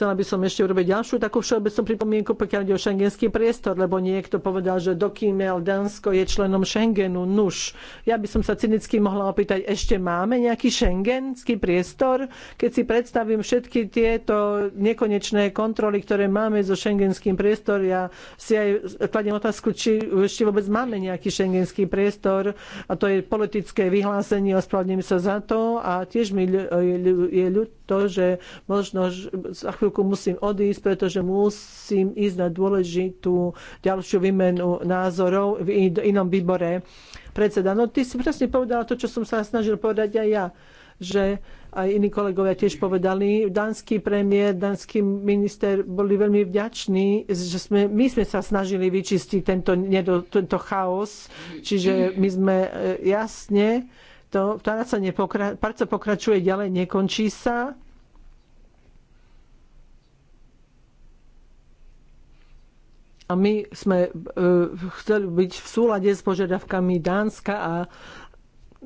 Chcela by som ešte urobiť ďalšiu takú všeobecnú pripomienku, pokiaľ ide o šengenský priestor, lebo niekto povedal, že dokýmel Dánsko je členom Schengenu. Nuž, ja by som sa cynicky mohla opýtať, ešte máme nejaký šengenský priestor? Keď si predstavím všetky tieto nekonečné kontroly, ktoré máme so šengenským priestorom, ja si aj kladiem otázku, či ešte vôbec máme nejaký šengenský priestor a to je politické vyhlásenie, ospravedlňujem sa za to a tiež mi je ľud to, že možno za chvíľu chvíľku musím odísť, pretože musím ísť na dôležitú ďalšiu výmenu názorov v inom výbore. Predseda, no ty si presne povedala to, čo som sa snažil povedať aj ja že aj iní kolegovia tiež povedali, dánsky premiér, dánsky minister boli veľmi vďační, že sme, my sme sa snažili vyčistiť tento, tento chaos, čiže my sme e, jasne, to, práca, nepokra, práca pokračuje ďalej, nekončí sa A my sme e, chceli byť v súlade s požiadavkami Dánska a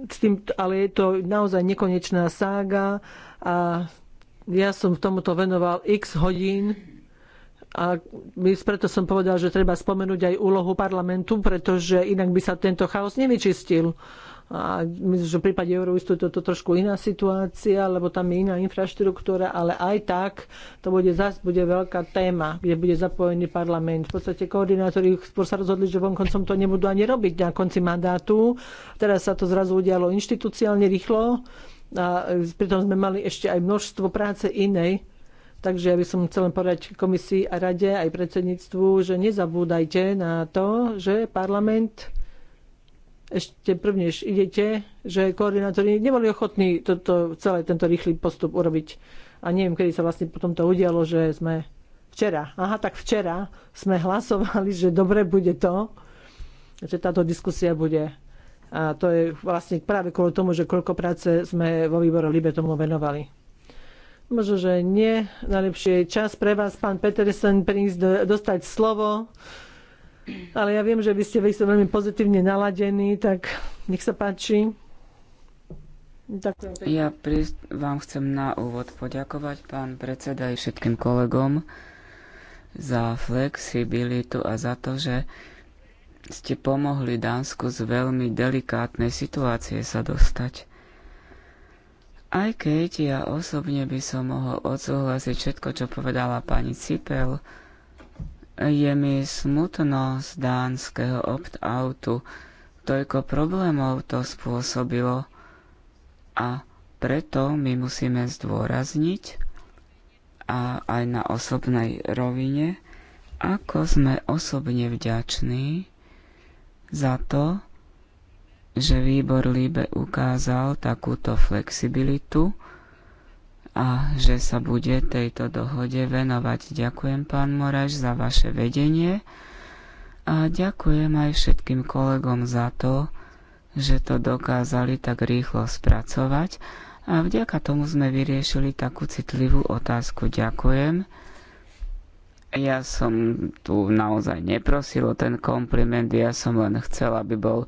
s tým, ale je to naozaj nekonečná sága a ja som tomuto venoval x hodín a preto som povedal, že treba spomenúť aj úlohu parlamentu, pretože inak by sa tento chaos nevyčistil a myslím, že v prípade Euroistu je to, to trošku iná situácia, lebo tam je iná infraštruktúra, ale aj tak to bude zas bude veľká téma, kde bude zapojený parlament. V podstate koordinátori skôr sa rozhodli, že vonkoncom to nebudú ani robiť na konci mandátu. Teraz sa to zrazu udialo inštitúciálne rýchlo a pritom sme mali ešte aj množstvo práce inej, Takže ja by som chcel povedať komisii a rade aj predsedníctvu, že nezabúdajte na to, že parlament ešte prvnež idete, že koordinátori neboli ochotní toto, celé tento rýchly postup urobiť. A neviem, kedy sa vlastne potom to udialo, že sme včera, aha, tak včera sme hlasovali, že dobre bude to, že táto diskusia bude. A to je vlastne práve kvôli tomu, že koľko práce sme vo výbore Libe tomu venovali. Možno, že nie. Najlepšie čas pre vás, pán Petersen, prísť, dostať slovo ale ja viem, že vy ste, veľmi pozitívne naladení, tak nech sa páči. Ďakujem. Ja vám chcem na úvod poďakovať, pán predseda, aj všetkým kolegom za flexibilitu a za to, že ste pomohli Dánsku z veľmi delikátnej situácie sa dostať. Aj keď ja osobne by som mohol odsúhlasiť všetko, čo povedala pani Cipel, je mi smutno z dánskeho opt-outu. Toľko problémov to spôsobilo a preto my musíme zdôrazniť a aj na osobnej rovine, ako sme osobne vďační za to, že výbor Líbe ukázal takúto flexibilitu a že sa bude tejto dohode venovať. Ďakujem, pán Moraš, za vaše vedenie a ďakujem aj všetkým kolegom za to, že to dokázali tak rýchlo spracovať a vďaka tomu sme vyriešili takú citlivú otázku. Ďakujem. Ja som tu naozaj neprosil o ten kompliment, ja som len chcel, aby bol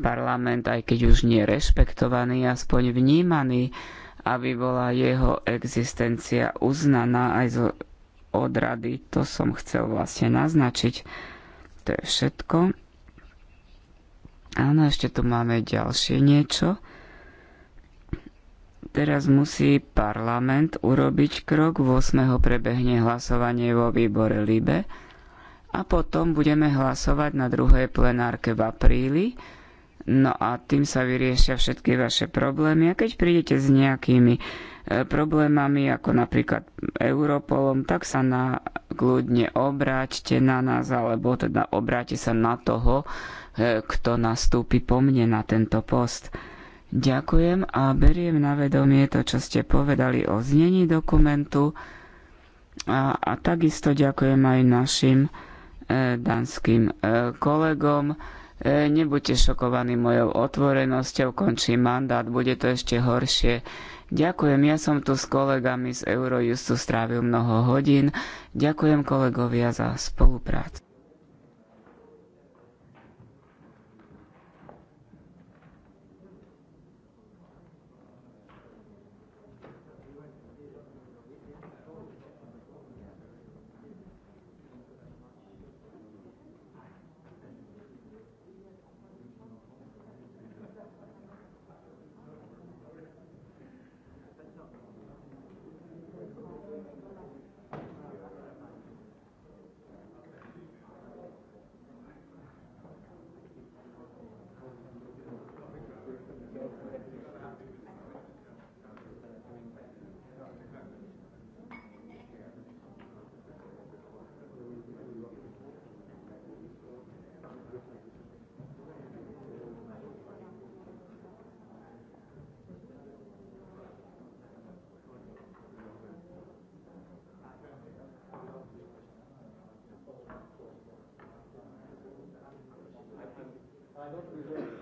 parlament, aj keď už nie rešpektovaný, aspoň vnímaný aby bola jeho existencia uznaná aj z odrady. To som chcel vlastne naznačiť. To je všetko. Áno, ešte tu máme ďalšie niečo. Teraz musí parlament urobiť krok. 8. prebehne hlasovanie vo výbore LIBE a potom budeme hlasovať na druhej plenárke v apríli No a tým sa vyriešia všetky vaše problémy. A keď prídete s nejakými e, problémami, ako napríklad Europolom, tak sa na kľudne obráťte na nás, alebo teda obráťte sa na toho, e, kto nastúpi po mne na tento post. Ďakujem a beriem na vedomie to, čo ste povedali o znení dokumentu a, a takisto ďakujem aj našim e, danským e, kolegom E, nebuďte šokovaní mojou otvorenosťou, končí mandát, bude to ešte horšie. Ďakujem, ja som tu s kolegami z Eurojustu strávil mnoho hodín. Ďakujem kolegovia za spoluprácu. Ďakujem.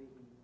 vidím.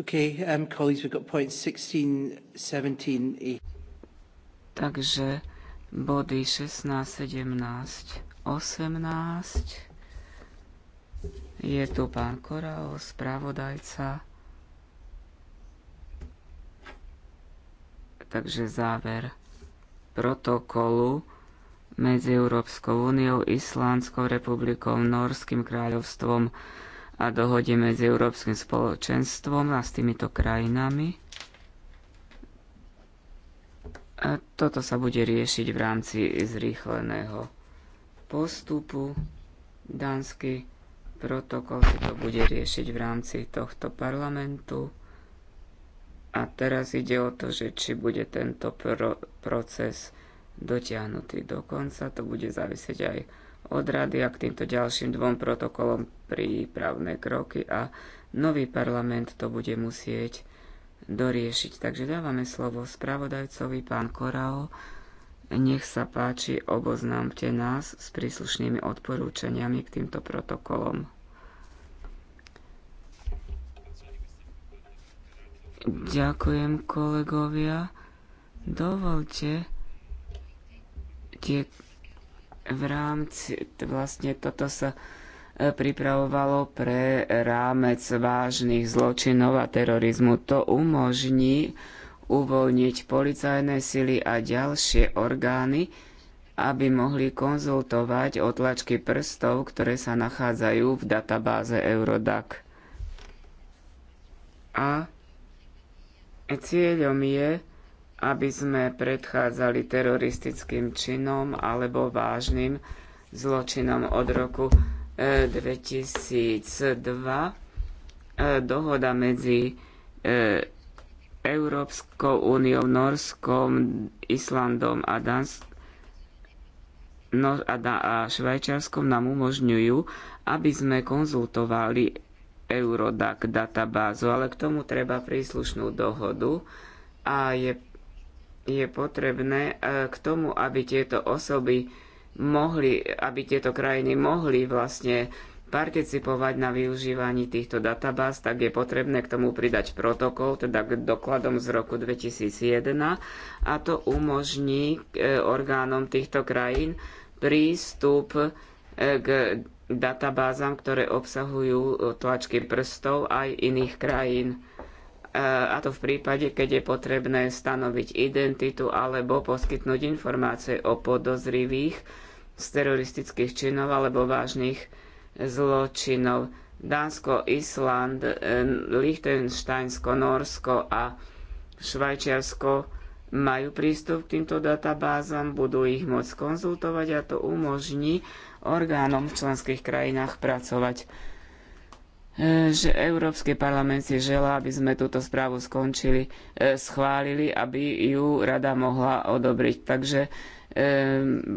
Okay, um, colleagues, we've got points 16, 17, 18. Takže body 16, 17, 18. Je tu pán Korao, správodajca. Takže záver protokolu medzi Európskou úniou, Islánskou republikou, Norským kráľovstvom, a dohode medzi Európskym spoločenstvom a s týmito krajinami. A toto sa bude riešiť v rámci zrýchleného postupu. Dánsky protokol si to bude riešiť v rámci tohto parlamentu. A teraz ide o to, že či bude tento pro- proces dotiahnutý do konca, to bude závisieť aj od rady a k týmto ďalším dvom protokolom prípravné kroky a nový parlament to bude musieť doriešiť. Takže dávame slovo spravodajcovi, pán Korao. Nech sa páči, oboznámte nás s príslušnými odporúčaniami k týmto protokolom. Ďakujem kolegovia. Dovolte tie v rámci, vlastne toto sa e, pripravovalo pre rámec vážnych zločinov a terorizmu. To umožní uvoľniť policajné sily a ďalšie orgány, aby mohli konzultovať otlačky prstov, ktoré sa nachádzajú v databáze Eurodac. A cieľom je aby sme predchádzali teroristickým činom alebo vážnym zločinom od roku 2002. E, e, dohoda medzi e, Európskou úniou, Norskom, Islandom a, Dansk- no- a, da- a Švajčiarskom nám umožňujú, aby sme konzultovali Eurodac databázu, ale k tomu treba príslušnú dohodu a je je potrebné eh, k tomu, aby tieto osoby mohli, aby tieto krajiny mohli vlastne participovať na využívaní týchto databáz, tak je potrebné k tomu pridať protokol, teda k dokladom z roku 2001 a to umožní eh, orgánom týchto krajín prístup eh, k databázam, ktoré obsahujú tlačky prstov aj iných krajín a to v prípade, keď je potrebné stanoviť identitu alebo poskytnúť informácie o podozrivých z teroristických činov alebo vážnych zločinov. Dánsko, Island, e, Liechtensteinsko, Norsko a Švajčiarsko majú prístup k týmto databázam, budú ich môcť konzultovať a to umožní orgánom v členských krajinách pracovať E, že Európsky parlament si želá, aby sme túto správu skončili, e, schválili, aby ju rada mohla odobriť. Takže e,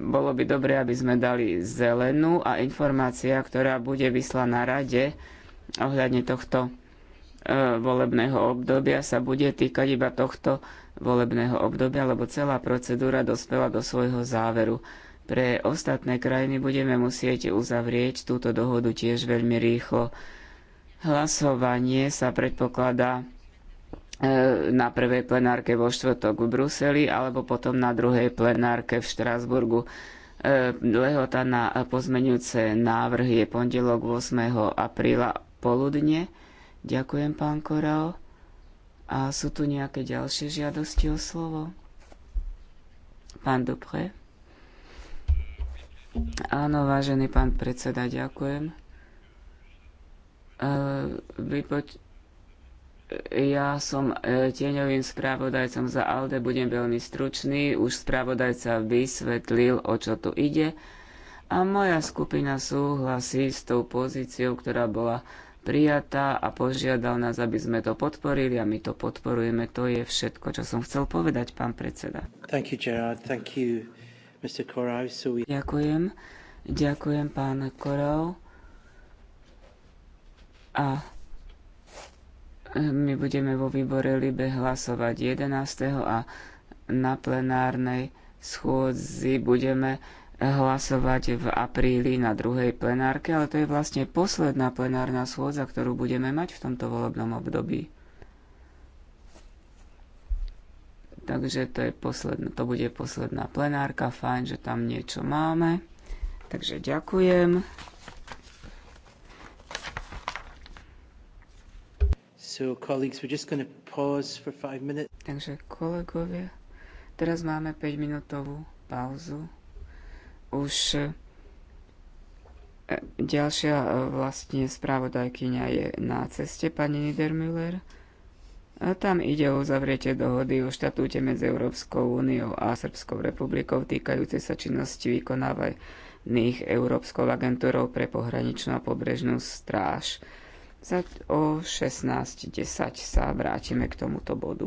bolo by dobre, aby sme dali zelenú a informácia, ktorá bude vyslaná rade ohľadne tohto volebného obdobia sa bude týkať iba tohto volebného obdobia, lebo celá procedúra dospela do svojho záveru. Pre ostatné krajiny budeme musieť uzavrieť túto dohodu tiež veľmi rýchlo. Hlasovanie sa predpokladá e, na prvej plenárke vo štvrtok v Bruseli alebo potom na druhej plenárke v Štrásburgu. E, lehota na pozmenujúce návrhy je pondelok 8. apríla poludne. Ďakujem, pán Korel. A sú tu nejaké ďalšie žiadosti o slovo? Pán Dupré? Áno, vážený pán predseda, ďakujem. E, vypoč- ja som e, tieňovým správodajcom za ALDE, budem veľmi stručný. Už správodajca vysvetlil, o čo tu ide. A moja skupina súhlasí s tou pozíciou, ktorá bola prijatá a požiadal nás, aby sme to podporili a my to podporujeme. To je všetko, čo som chcel povedať, pán predseda. Thank you, Gerard. Thank you, Mr. Corau. So we... Ďakujem. Ďakujem, pán Korau a e, my budeme vo výbore Libe hlasovať 11. a na plenárnej schôdzi budeme hlasovať v apríli na druhej plenárke, ale to je vlastne posledná plenárna schôdza, ktorú budeme mať v tomto volebnom období. Takže to, je posledná, to bude posledná plenárka. Fajn, že tam niečo máme. Takže ďakujem. So, colleagues, we're just going to pause for five minutes. Takže kolegovia, teraz máme 5 minútovú pauzu. Už e, ďalšia e, vlastne správodajkyňa je na ceste, pani Niedermüller. A tam ide o uzavretie dohody o štatúte medzi Európskou úniou a Srbskou republikou týkajúce sa činnosti vykonávaných Európskou agentúrou pre pohraničnú a pobrežnú stráž. Za o 16.10 sa vrátime k tomuto bodu.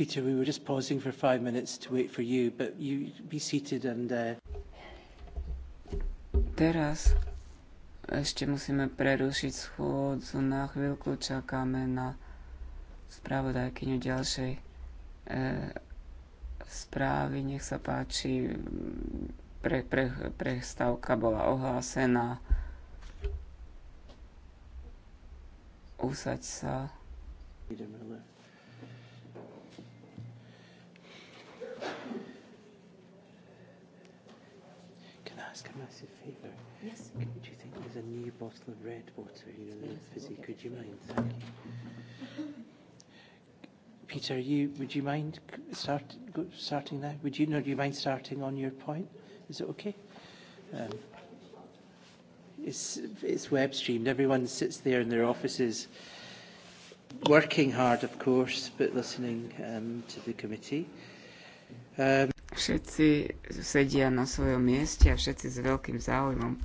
Peter, we were just pausing for five minutes to wait for you, but you be seated and... Uh... Teraz ešte musíme prerušiť schôdzu. Na chvíľku čakáme na spravodajkyňu ďalšej e, správy. Nech sa páči, pre, pre, prestávka bola ohlásená. Usaď sa. Ideme left. ask a massive favour? Yes. Could, do you think there's a new bottle of red water, you know, yes, fizzy? We'll Could you mind? Thank you. Peter, you would you mind start, go, starting now? Would you no? Do you mind starting on your point? Is it okay? Um, it's it's web streamed. Everyone sits there in their offices, working hard, of course, but listening um, to the committee. Um, Všetci sedia na svojom mieste a všetci s veľkým záujmom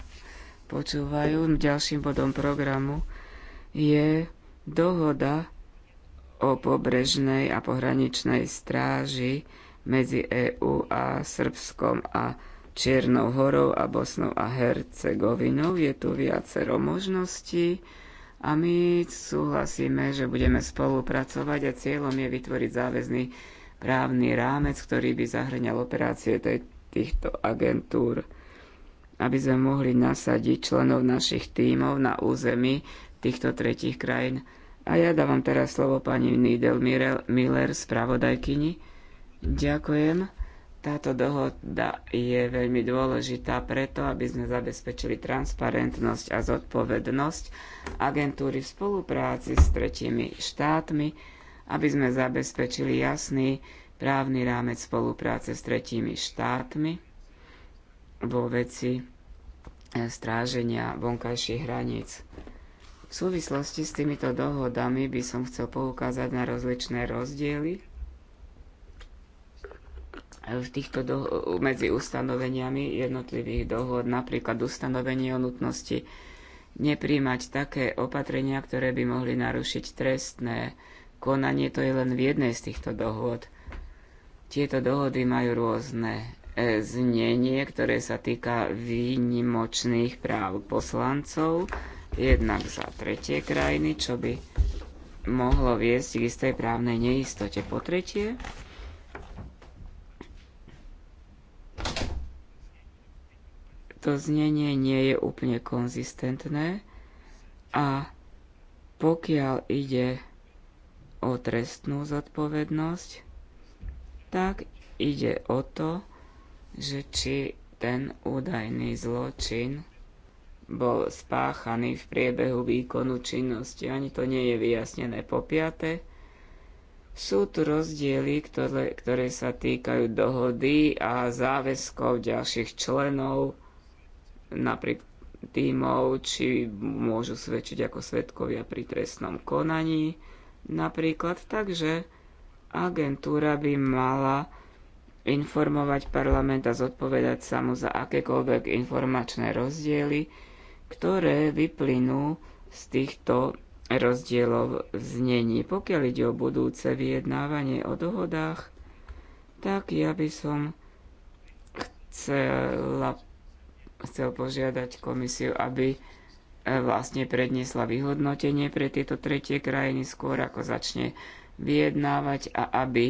počúvajú. Ďalším bodom programu je dohoda o pobrežnej a pohraničnej stráži medzi EÚ a Srbskom a Čiernou horou a Bosnou a Hercegovinou. Je tu viacero možností a my súhlasíme, že budeme spolupracovať a cieľom je vytvoriť záväzný právny rámec, ktorý by zahrňal operácie tej, týchto agentúr, aby sme mohli nasadiť členov našich tímov na území týchto tretich krajín. A ja dávam teraz slovo pani Nidel Miller, spravodajkyni. Ďakujem. Táto dohoda je veľmi dôležitá preto, aby sme zabezpečili transparentnosť a zodpovednosť agentúry v spolupráci s tretimi štátmi, aby sme zabezpečili jasný právny rámec spolupráce s tretími štátmi vo veci e, stráženia vonkajších hraníc. V súvislosti s týmito dohodami by som chcel poukázať na rozličné rozdiely v týchto do- medzi ustanoveniami jednotlivých dohod, napríklad ustanovenie o nutnosti nepríjmať také opatrenia, ktoré by mohli narušiť trestné konanie to je len v jednej z týchto dohôd. Tieto dohody majú rôzne e, znenie, ktoré sa týka výnimočných práv poslancov, jednak za tretie krajiny, čo by mohlo viesť k istej právnej neistote. Po tretie, to znenie nie je úplne konzistentné a pokiaľ ide o trestnú zodpovednosť, tak ide o to, že či ten údajný zločin bol spáchaný v priebehu výkonu činnosti. Ani to nie je vyjasnené po piate. Sú tu rozdiely, ktoré, ktoré sa týkajú dohody a záväzkov ďalších členov, napríklad tímov, či môžu svedčiť ako svetkovia pri trestnom konaní. Napríklad tak, že agentúra by mala informovať parlament a zodpovedať sa mu za akékoľvek informačné rozdiely, ktoré vyplynú z týchto rozdielov v znení. Pokiaľ ide o budúce vyjednávanie o dohodách, tak ja by som chcela, chcel požiadať komisiu, aby vlastne predniesla vyhodnotenie pre tieto tretie krajiny skôr, ako začne vyjednávať a aby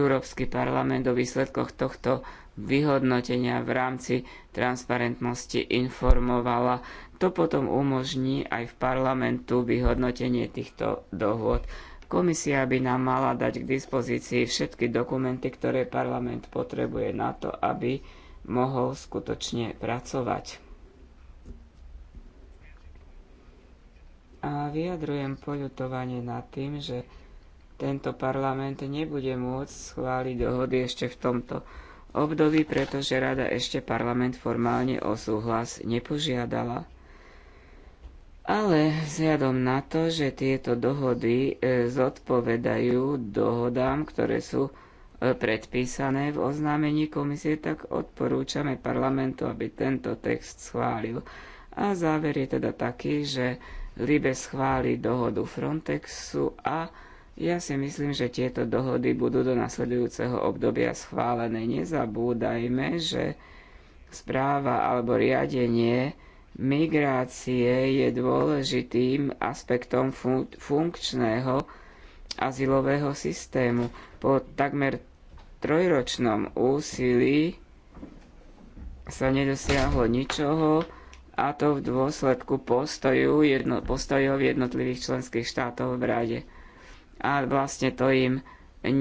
Európsky parlament o výsledkoch tohto vyhodnotenia v rámci transparentnosti informovala. To potom umožní aj v parlamentu vyhodnotenie týchto dohôd. Komisia by nám mala dať k dispozícii všetky dokumenty, ktoré parlament potrebuje na to, aby mohol skutočne pracovať. a vyjadrujem poľutovanie nad tým, že tento parlament nebude môcť schváliť dohody ešte v tomto období, pretože rada ešte parlament formálne o súhlas nepožiadala. Ale vzhľadom na to, že tieto dohody e, zodpovedajú dohodám, ktoré sú e, predpísané v oznámení komisie, tak odporúčame parlamentu, aby tento text schválil. A záver je teda taký, že Libe schváli dohodu Frontexu a ja si myslím, že tieto dohody budú do nasledujúceho obdobia schválené. Nezabúdajme, že správa alebo riadenie migrácie je dôležitým aspektom fun funkčného azylového systému. Po takmer trojročnom úsilí sa nedosiahlo ničoho, a to v dôsledku postoju, jedno, postojov jednotlivých členských štátov v Rade. A vlastne to im e,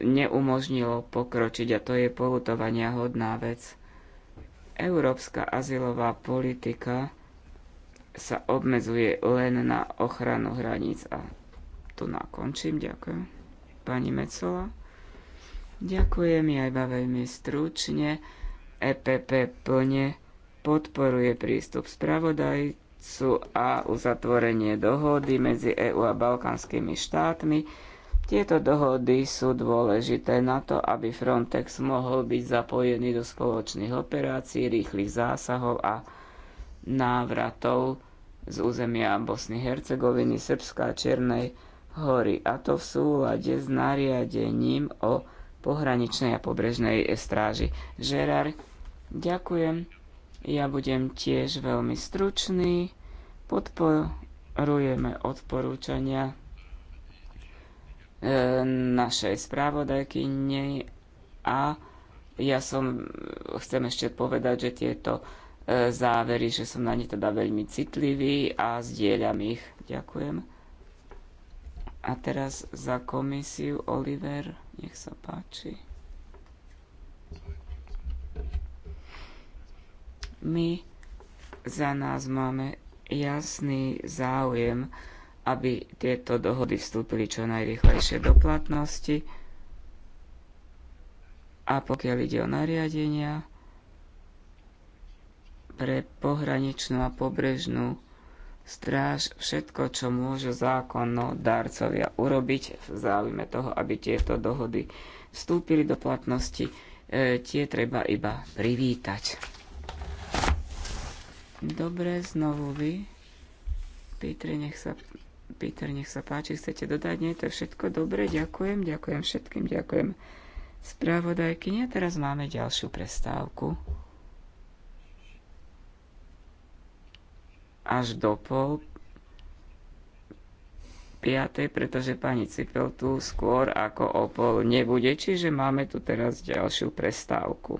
neumožnilo pokročiť a to je polutovania hodná vec. Európska azylová politika sa obmedzuje len na ochranu hraníc a tu nakončím. Ďakujem. Pani Mecola. Ďakujem, ja iba veľmi stručne. EPP plne podporuje prístup spravodajcu a uzatvorenie dohody medzi EÚ a balkánskymi štátmi. Tieto dohody sú dôležité na to, aby Frontex mohol byť zapojený do spoločných operácií, rýchlych zásahov a návratov z územia Bosny Hercegoviny, Srbska a Černej hory, a to v súlade s nariadením o pohraničnej a pobrežnej stráži. Žerar, ďakujem. Ja budem tiež veľmi stručný. Podporujeme odporúčania e, našej správodajky a ja som, chcem ešte povedať, že tieto e, závery, že som na ne teda veľmi citlivý a zdieľam ich. Ďakujem. A teraz za komisiu Oliver, nech sa páči. My za nás máme jasný záujem, aby tieto dohody vstúpili čo najrychlejšie do platnosti. A pokiaľ ide o nariadenia pre pohraničnú a pobrežnú stráž, všetko, čo môžu zákonno dárcovia urobiť v záujme toho, aby tieto dohody vstúpili do platnosti, e, tie treba iba privítať. Dobre, znovu vy. Peter, nech sa, Peter, nech sa páči, chcete dodať? Nie, to je všetko dobre, ďakujem, ďakujem všetkým, ďakujem a Teraz máme ďalšiu prestávku. Až do pol piatej, pretože pani Cipel tu skôr ako o pol nebude, čiže máme tu teraz ďalšiu prestávku.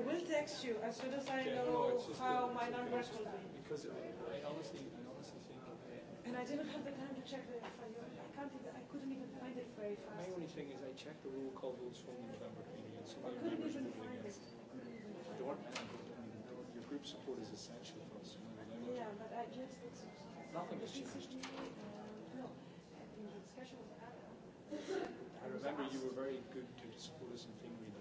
I will text you as soon as I yeah, know no, how the, my numbers will be. Because I, honestly, I honestly think that And I didn't have the time to check the FIU. I can't even, I couldn't even find it very fast. My only thing is I checked the rule called rules from the November meeting So I couldn't even find it. I don't, I don't, your group support is essential for us. Yeah, but I just... Nothing has changed. Uh, no, I think the discussion was I remember you were very good to support us in thing reading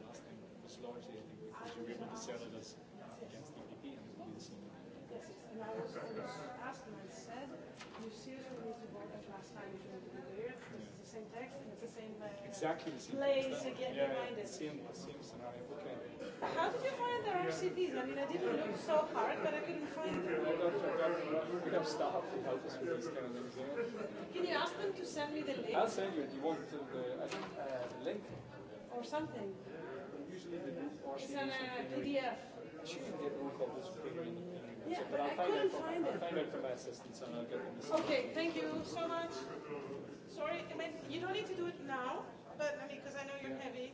largely, I think, because you were able to sell it as against EPP and it would be the same. Yes, and I was, I was asked and I said, you seriously need to work at last time you shouldn't be there because it's the same text and it's the same uh, exactly the same place again yeah, behind it. Same, same scenario. Okay. How did you find the RCDs? I mean, I didn't look so hard, but I couldn't find them. we have staff who help us with these kind of things. Yeah. Can you ask them to send me the link? I'll send you it. You want the, I think, uh, the link? Or something usually the new RC It's on a PDF. She can Yeah, but, I'll I find couldn't out from, I'll find out from my assistants and I'll get them this. Okay, thank you so much. Sorry, I mean, you don't need to do it now, but I mean, because I know you're heavy.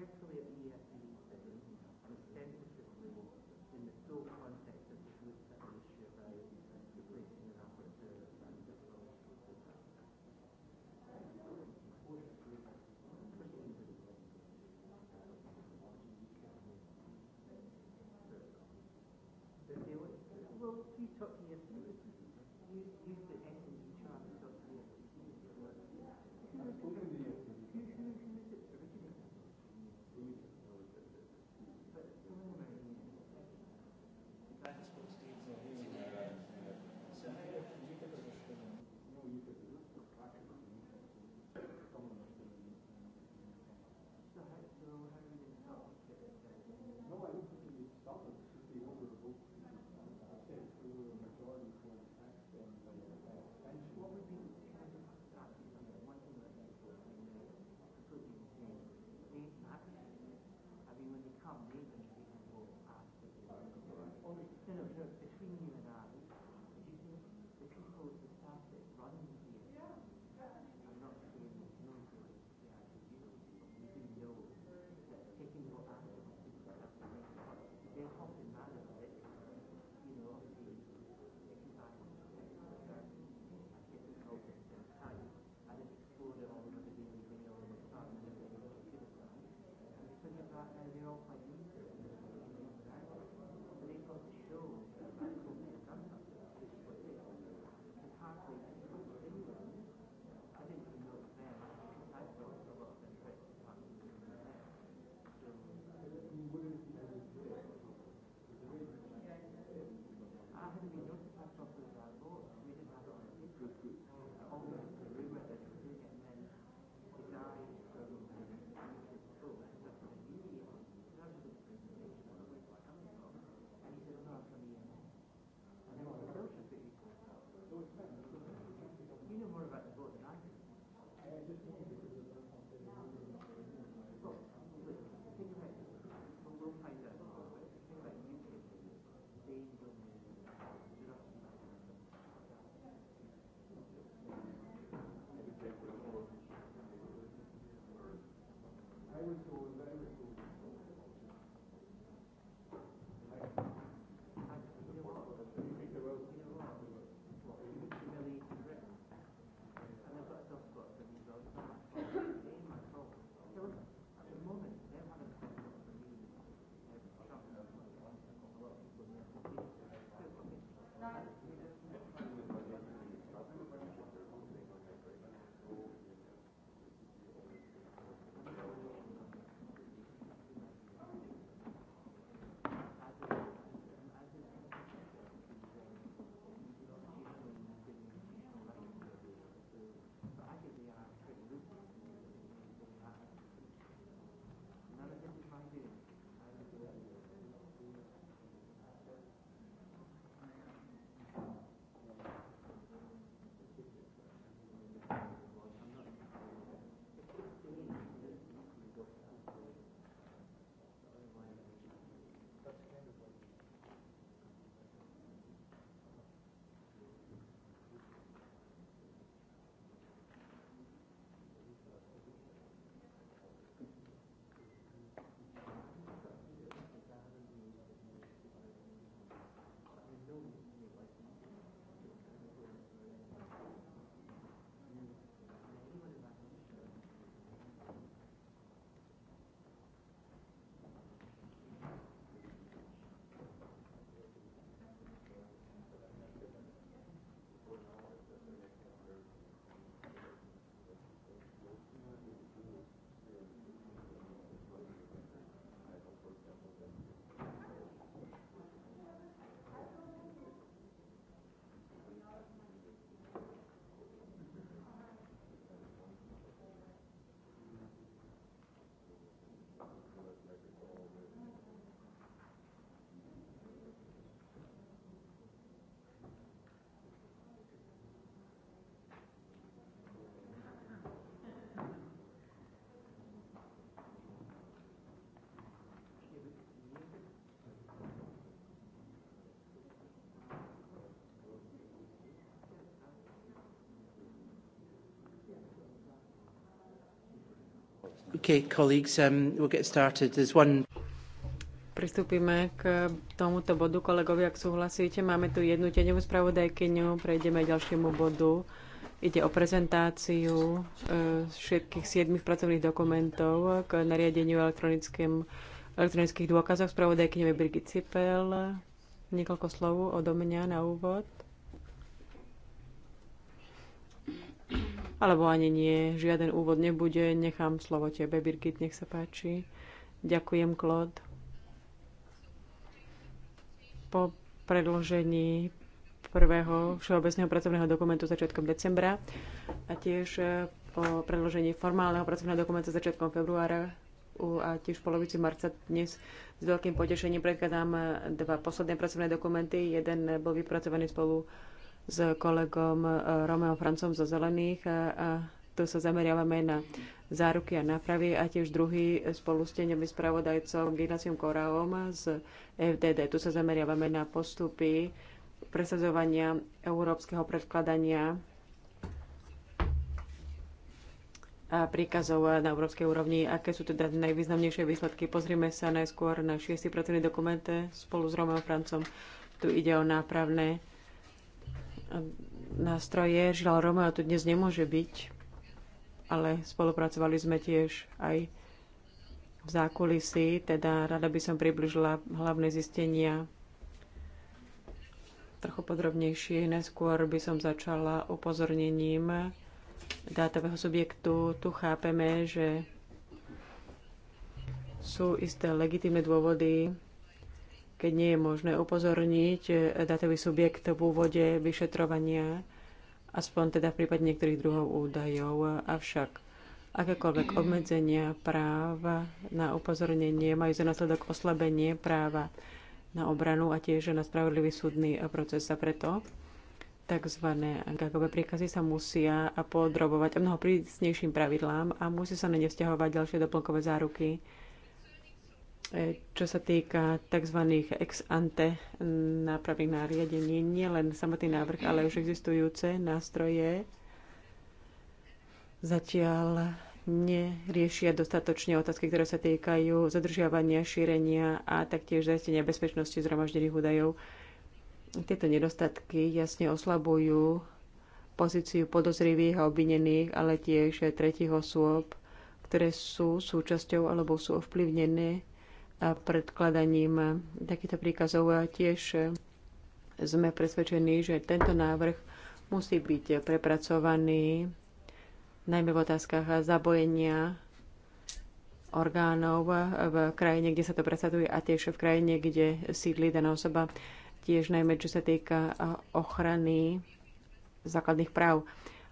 Ďakujem. Okay, colleagues, um, we'll get started. There's one... Pristúpime k tomuto bodu, kolegovi, ak súhlasíte. Máme tu jednu tenevú spravodajkyňu, prejdeme k ďalšiemu bodu. Ide o prezentáciu e, všetkých siedmých pracovných dokumentov k nariadeniu elektronickým, elektronických dôkazov Spravodajkyňou je Birgit Cipel. Niekoľko slov odo mňa na úvod. alebo ani nie. Žiaden úvod nebude. Nechám slovo tebe, Birgit, nech sa páči. Ďakujem, Klod. Po predložení prvého všeobecného pracovného dokumentu začiatkom decembra a tiež eh, po predložení formálneho pracovného dokumentu začiatkom februára a tiež v polovici marca dnes s veľkým potešením predkladám eh, dva posledné pracovné dokumenty. Jeden eh, bol vypracovaný spolu s kolegom eh, Romeo Francom zo Zelených eh, a tu sa zameriavame na záruky a nápravy a tiež druhý eh, spolu s tenemi spravodajcom Gynasium Koraom z FDD. Tu sa zameriavame na postupy presadzovania európskeho predkladania a príkazov na európskej úrovni. Aké sú teda najvýznamnejšie výsledky? Pozrieme sa najskôr na 6. pracovný dokument spolu s Romeo Francom. Tu ide o nápravné nástroje. Žiaľ, Romeo tu dnes nemôže byť, ale spolupracovali sme tiež aj v zákulisí, teda rada by som približila hlavné zistenia trochu podrobnejšie. Neskôr by som začala upozornením dátového subjektu. Tu chápeme, že sú isté legitimné dôvody keď nie je možné upozorniť e, datový subjekt v úvode vyšetrovania, aspoň teda v prípade niektorých druhov údajov. Avšak akékoľvek obmedzenia práva na upozornenie majú za následok oslabenie práva na obranu a tiež na spravodlivý súdny proces. A preto tzv. gagové príkazy sa musia podrobovať mnoho prísnejším pravidlám a musí sa na ne vzťahovať ďalšie doplnkové záruky E, čo sa týka tzv. ex ante nápravných nariadení, nielen samotný návrh, ale už existujúce nástroje zatiaľ neriešia dostatočne otázky, ktoré sa týkajú zadržiavania, šírenia a taktiež zaistenia bezpečnosti zhromaždených údajov. Tieto nedostatky jasne oslabujú pozíciu podozrivých a obvinených, ale tiež tretich osôb, ktoré sú súčasťou alebo sú ovplyvnené predkladaním takýchto príkazov. Tiež sme presvedčení, že tento návrh musí byť prepracovaný najmä v otázkach zabojenia orgánov v krajine, kde sa to presaduje a tiež v krajine, kde sídli daná osoba, tiež najmä čo sa týka ochrany základných práv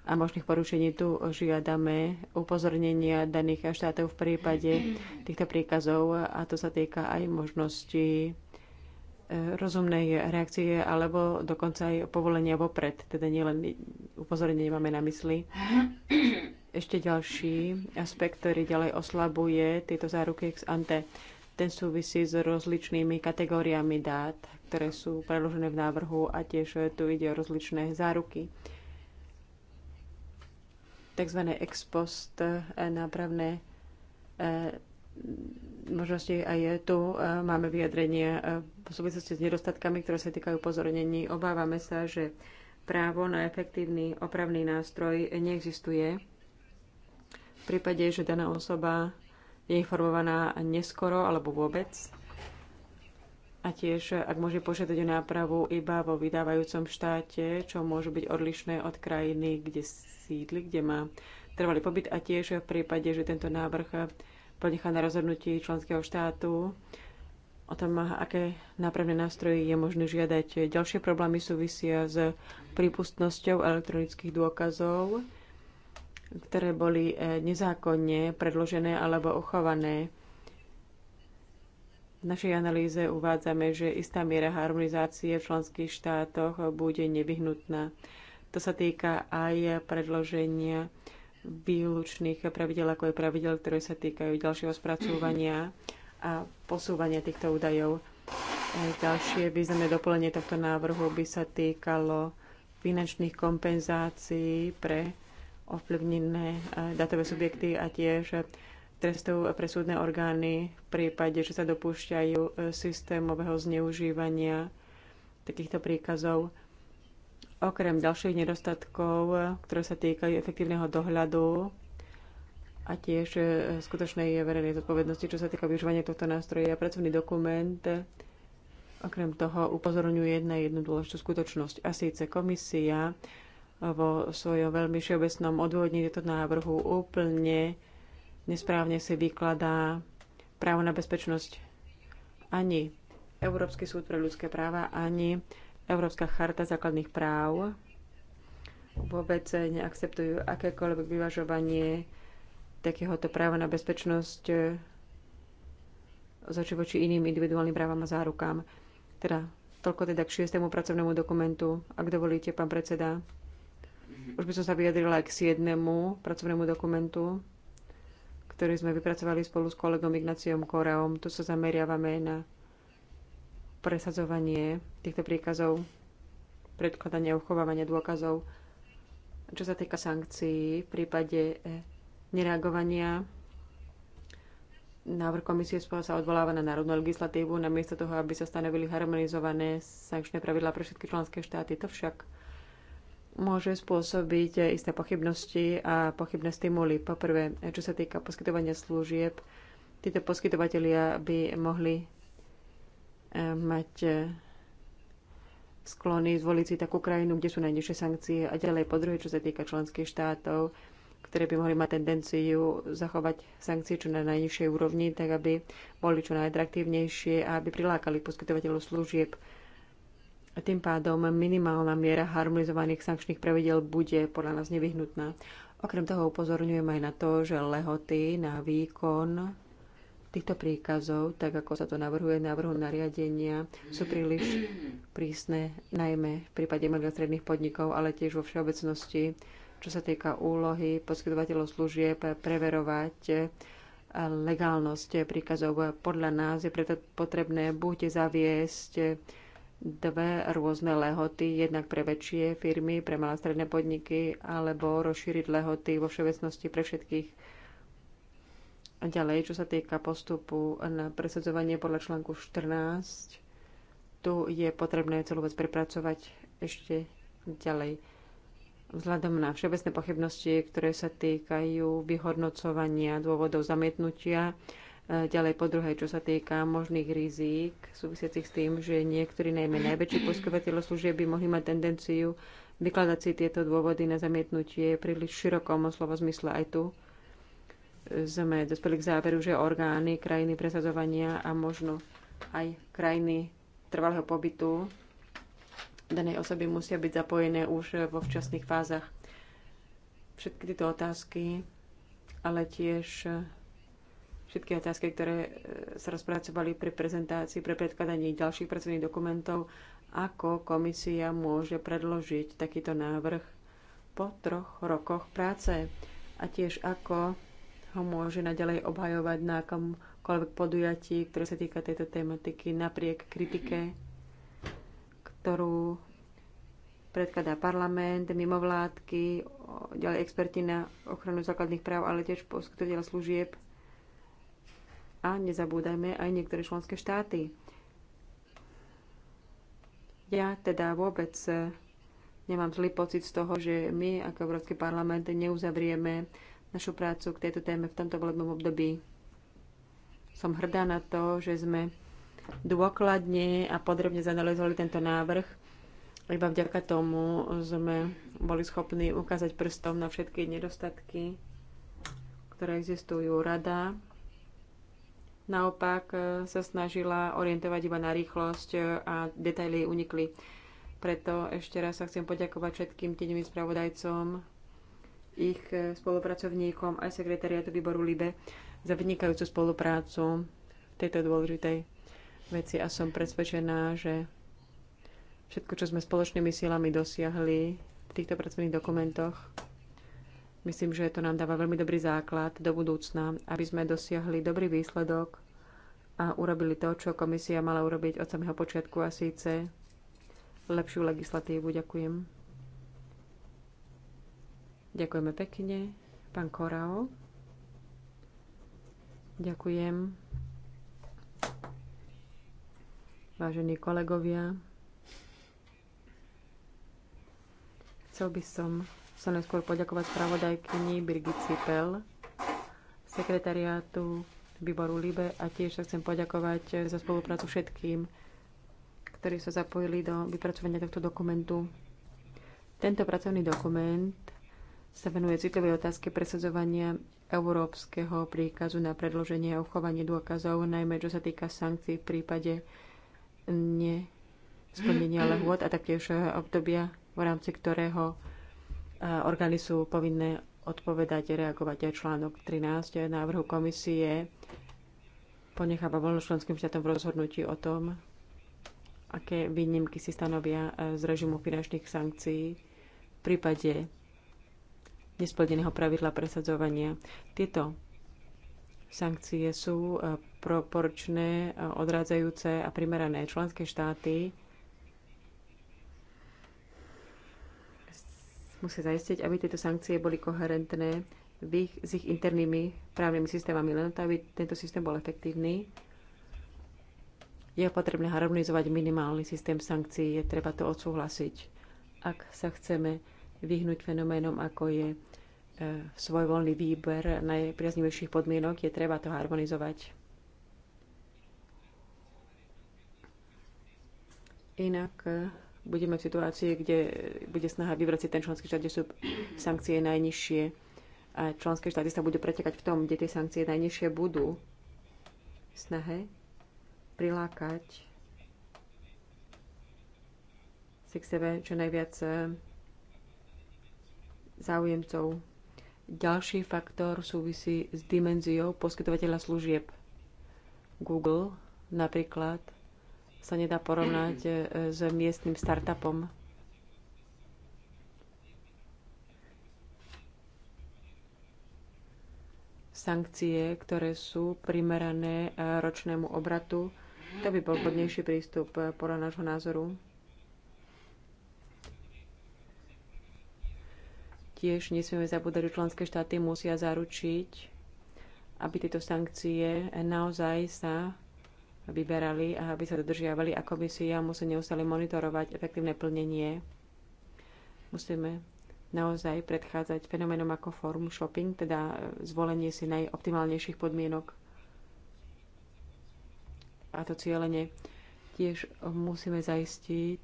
a možných porušení. Tu žiadame upozornenia daných štátov v prípade týchto príkazov a to sa týka aj možnosti e, rozumnej reakcie alebo dokonca aj povolenia vopred. Teda nielen upozornenie máme na mysli. Ešte ďalší aspekt, ktorý ďalej oslabuje tieto záruky ex ante. Ten súvisí s rozličnými kategóriami dát, ktoré sú preložené v návrhu a tiež tu ide o rozličné záruky tzv. ex post e, nápravné e, možnosti aj tu e, máme vyjadrenie v súvislosti s nedostatkami, ktoré sa týkajú pozornení. Obávame sa, že právo na efektívny opravný nástroj neexistuje v prípade, že daná osoba je informovaná neskoro alebo vôbec a tiež, ak môže požiadať o nápravu iba vo vydávajúcom štáte, čo môže byť odlišné od krajiny, kde sídli, kde má trvalý pobyt a tiež v prípade, že tento návrh ponechá na rozhodnutí členského štátu o tom, aké nápravné nástroje je možné žiadať. Ďalšie problémy súvisia s prípustnosťou elektronických dôkazov, ktoré boli eh, nezákonne predložené alebo uchované. V našej analýze uvádzame, že istá miera harmonizácie v členských štátoch bude nevyhnutná. To sa týka aj predloženia výlučných pravidel, ako je pravidel, ktoré sa týkajú ďalšieho spracúvania a posúvania týchto údajov. Ďalšie významné doplnenie tohto návrhu by sa týkalo finančných kompenzácií pre ovplyvnené eh, datové subjekty a tiež trestov pre súdne orgány v prípade, že sa dopúšťajú e, systémového zneužívania takýchto príkazov. Okrem ďalších nedostatkov, e, ktoré sa týkajú efektívneho dohľadu a tiež e, skutočnej verejnej zodpovednosti, čo sa týka využívania tohto nástroja, pracovný dokument okrem toho upozorňuje na jednu dôležitú skutočnosť. A síce komisia vo svojom veľmi všeobecnom odvodní tohto návrhu úplne nesprávne si vykladá právo na bezpečnosť. Ani Európsky súd pre ľudské práva, ani Európska charta základných práv vôbec neakceptujú akékoľvek vyvažovanie takéhoto práva na bezpečnosť zoči voči iným individuálnym právam a zárukám. Teda toľko teda k šiestému pracovnému dokumentu, ak dovolíte, pán predseda. Už by som sa vyjadrila aj k siedmému pracovnému dokumentu ktorý sme vypracovali spolu s kolegom Ignáciom Koreom. Tu sa zameriavame na presadzovanie týchto príkazov, predkladanie a uchovávanie dôkazov, čo sa týka sankcií v prípade eh, nereagovania. Návrh komisie spolu sa odvoláva na národnú legislatívu, namiesto toho, aby sa stanovili harmonizované sankčné pravidlá pre všetky členské štáty. To však môže spôsobiť isté pochybnosti a pochybné stimuly. Poprvé, čo sa týka poskytovania služieb, títo poskytovatelia by mohli eh, mať eh, sklony zvoliť si takú krajinu, kde sú najnižšie sankcie a ďalej po druhé, čo sa týka členských štátov, ktoré by mohli mať tendenciu zachovať sankcie čo na najnižšej úrovni, tak aby boli čo najatraktívnejšie a aby prilákali poskytovateľov služieb a tým pádom minimálna miera harmonizovaných sankčných pravidel bude podľa nás nevyhnutná. Okrem toho upozorňujem aj na to, že lehoty na výkon týchto príkazov, tak ako sa to navrhuje návrhu nariadenia, sú príliš prísne, najmä v prípade malých stredných podnikov, ale tiež vo všeobecnosti, čo sa týka úlohy poskytovateľov služieb preverovať eh, legálnosť príkazov. Podľa nás je preto potrebné buď zaviesť eh, dve rôzne lehoty, jednak pre väčšie firmy, pre malé stredné podniky, alebo rozšíriť lehoty vo všeobecnosti pre všetkých. A ďalej, čo sa týka postupu na presadzovanie podľa článku 14, tu je potrebné celú vec prepracovať ešte ďalej. Vzhľadom na všeobecné pochybnosti, ktoré sa týkajú vyhodnocovania dôvodov zamietnutia, Ďalej po druhé, čo sa týka možných rizík súvisiacich s tým, že niektorí najmä najväčší poskytovateľov služieb by mohli mať tendenciu vykladať si tieto dôvody na zamietnutie príliš širokom slovo zmysle aj tu sme dospeli k záveru, že orgány krajiny presadzovania a možno aj krajiny trvalého pobytu danej osoby musia byť zapojené už vo včasných fázach. Všetky tieto otázky, ale tiež všetky otázky, ktoré e, sa rozpracovali pri prezentácii, pre predkladanie ďalších pracovných dokumentov, ako komisia môže predložiť takýto návrh po troch rokoch práce a tiež ako ho môže naďalej obhajovať na akomkoľvek podujatí, ktoré sa týka tejto tematiky, napriek kritike, ktorú predkladá parlament, mimovládky, ďalej experti na ochranu základných práv, ale tiež poskytovateľ služieb a nezabúdajme aj niektoré členské štáty. Ja teda vôbec eh, nemám zlý pocit z toho, že my ako Európsky parlament neuzavrieme našu prácu k tejto téme v tomto volebnom období. Som hrdá na to, že sme dôkladne a podrobne zanalizovali tento návrh. Iba vďaka tomu sme boli schopní ukázať prstom na všetky nedostatky, ktoré existujú. Rada naopak e, sa snažila orientovať iba na rýchlosť e, a detaily unikli. Preto ešte raz sa chcem poďakovať všetkým tieňovým spravodajcom, ich e, spolupracovníkom aj sekretariatu výboru LIBE za vynikajúcu spoluprácu v tejto dôležitej veci a som presvedčená, že všetko, čo sme spoločnými silami dosiahli v týchto pracovných dokumentoch, Myslím, že to nám dáva veľmi dobrý základ do budúcna, aby sme dosiahli dobrý výsledok a urobili to, čo komisia mala urobiť od samého počiatku a síce lepšiu legislatívu. Ďakujem. Ďakujeme pekne. Pán Korao. Ďakujem. Vážení kolegovia, chcel by som sa neskôr poďakovať spravodajkyni Birgit Cipel, sekretariátu výboru LIBE a tiež sa chcem poďakovať za spoluprácu všetkým, ktorí sa zapojili do vypracovania tohto dokumentu. Tento pracovný dokument sa venuje citlivej otázke presadzovania európskeho príkazu na predloženie a uchovanie dôkazov, najmä čo sa týka sankcií v prípade nesplnenia lehôd a taktiež obdobia, v rámci ktorého Orgány sú povinné odpovedať, reagovať aj článok 13 návrhu komisie ponecháva voľnočlenským štátom v rozhodnutí o tom, aké výnimky si stanovia e, z režimu finančných sankcií v prípade nesplneného pravidla presadzovania. Tieto sankcie sú e, proporčné, e, odrádzajúce a primerané. Členské štáty musí zajistiť, aby tieto sankcie boli koherentné v ich, s ich internými právnymi systémami. Len to, aby tento systém bol efektívny, je potrebné harmonizovať minimálny systém sankcií, je treba to odsúhlasiť, ak sa chceme vyhnúť fenoménom, ako je e, voľný výber najpriaznivejších podmienok, je treba to harmonizovať. Inak e, budeme v situácii, kde bude snaha vybrať ten členský štát, kde sú sankcie najnižšie a členské štáty sa budú pretekať v tom, kde tie sankcie najnižšie budú snahe prilákať si k sebe čo najviac eh, záujemcov. Ďalší faktor súvisí s dimenziou poskytovateľa služieb. Google napríklad sa nedá porovnať e, s miestnym startupom. Sankcie, ktoré sú primerané e, ročnému obratu, to by bol podnejší prístup e, podľa nášho názoru. Tiež nesmieme zabúdať, že členské štáty musia zaručiť, aby tieto sankcie naozaj sa vyberali a aby sa dodržiavali a komisia musí neustále monitorovať efektívne plnenie. Musíme naozaj predchádzať fenomenom ako form shopping, teda e, zvolenie si najoptimálnejších podmienok a to cieľene. Tiež musíme zaistiť,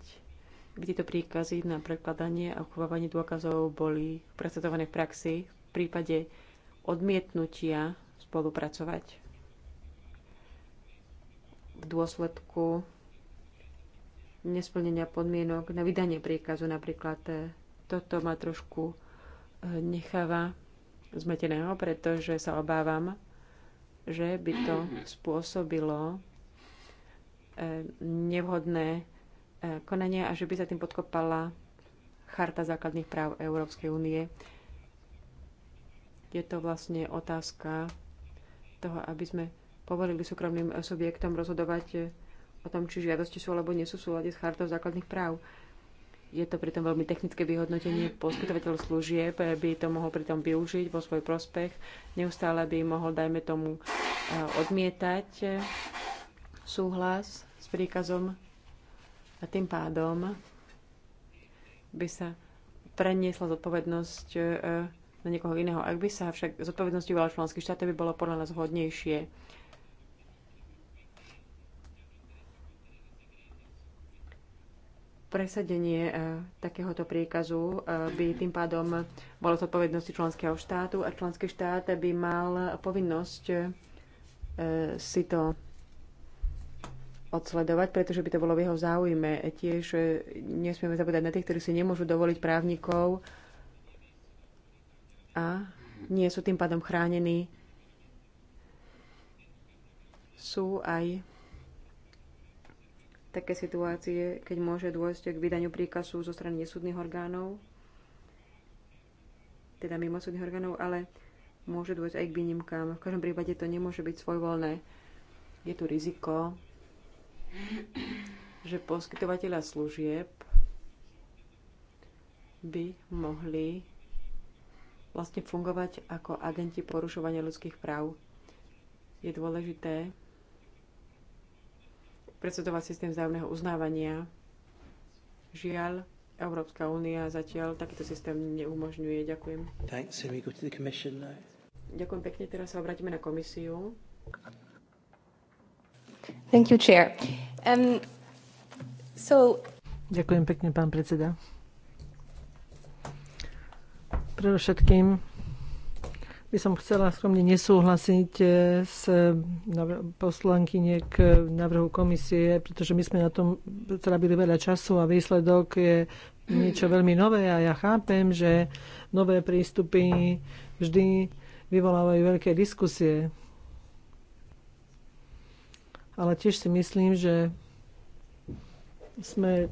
aby tieto príkazy na prekladanie a uchovávanie dôkazov boli presadzované v praxi v prípade odmietnutia spolupracovať v dôsledku nesplnenia podmienok na vydanie príkazu napríklad. E, toto ma trošku e, necháva zmeteného, pretože sa obávam, že by to spôsobilo e, nevhodné konanie a že by sa tým podkopala Charta základných práv Európskej únie. Je to vlastne otázka toho, aby sme povolili súkromným subjektom rozhodovať eh, o tom, či žiadosti sú alebo nie sú v súlade s chartou základných práv. Je to pritom veľmi technické vyhodnotenie. Poskytovateľ služieb eh, by to mohol pritom využiť vo svoj prospech. Neustále by mohol, dajme tomu, eh, odmietať súhlas s príkazom a tým pádom by sa preniesla zodpovednosť na niekoho iného. Ak by sa však zodpovednosť uvala členských štátov by bolo podľa nás hodnejšie Presadenie e, takéhoto príkazu e, by tým pádom bolo zodpovednosti členského štátu a členský štát by mal povinnosť e, si to odsledovať, pretože by to bolo v jeho záujme. Tiež nesmieme zabúdať na tých, ktorí si nemôžu dovoliť právnikov a nie sú tým pádom chránení. Sú aj také situácie, keď môže dôjsť k vydaniu príkazu zo strany nesúdnych orgánov, teda mimo súdnych orgánov, ale môže dôjsť aj k výnimkám. V každom prípade to nemôže byť svojvoľné. Je tu riziko, že poskytovateľa služieb by mohli vlastne fungovať ako agenti porušovania ľudských práv. Je dôležité, predsedovať systém vzájomného uznávania. Žiaľ, Európska únia zatiaľ takýto systém neumožňuje. Ďakujem. Thanks, Ďakujem pekne. Teraz sa obrátime na komisiu. Thank you, chair. Um, so... Ďakujem pekne, pán predseda. Predovšetkým by som chcela skromne nesúhlasiť eh, s eh, poslankyne k eh, návrhu komisie, pretože my sme na tom trabili veľa času a výsledok je niečo veľmi nové a ja chápem, že nové prístupy vždy vyvolávajú veľké diskusie. Ale tiež si myslím, že sme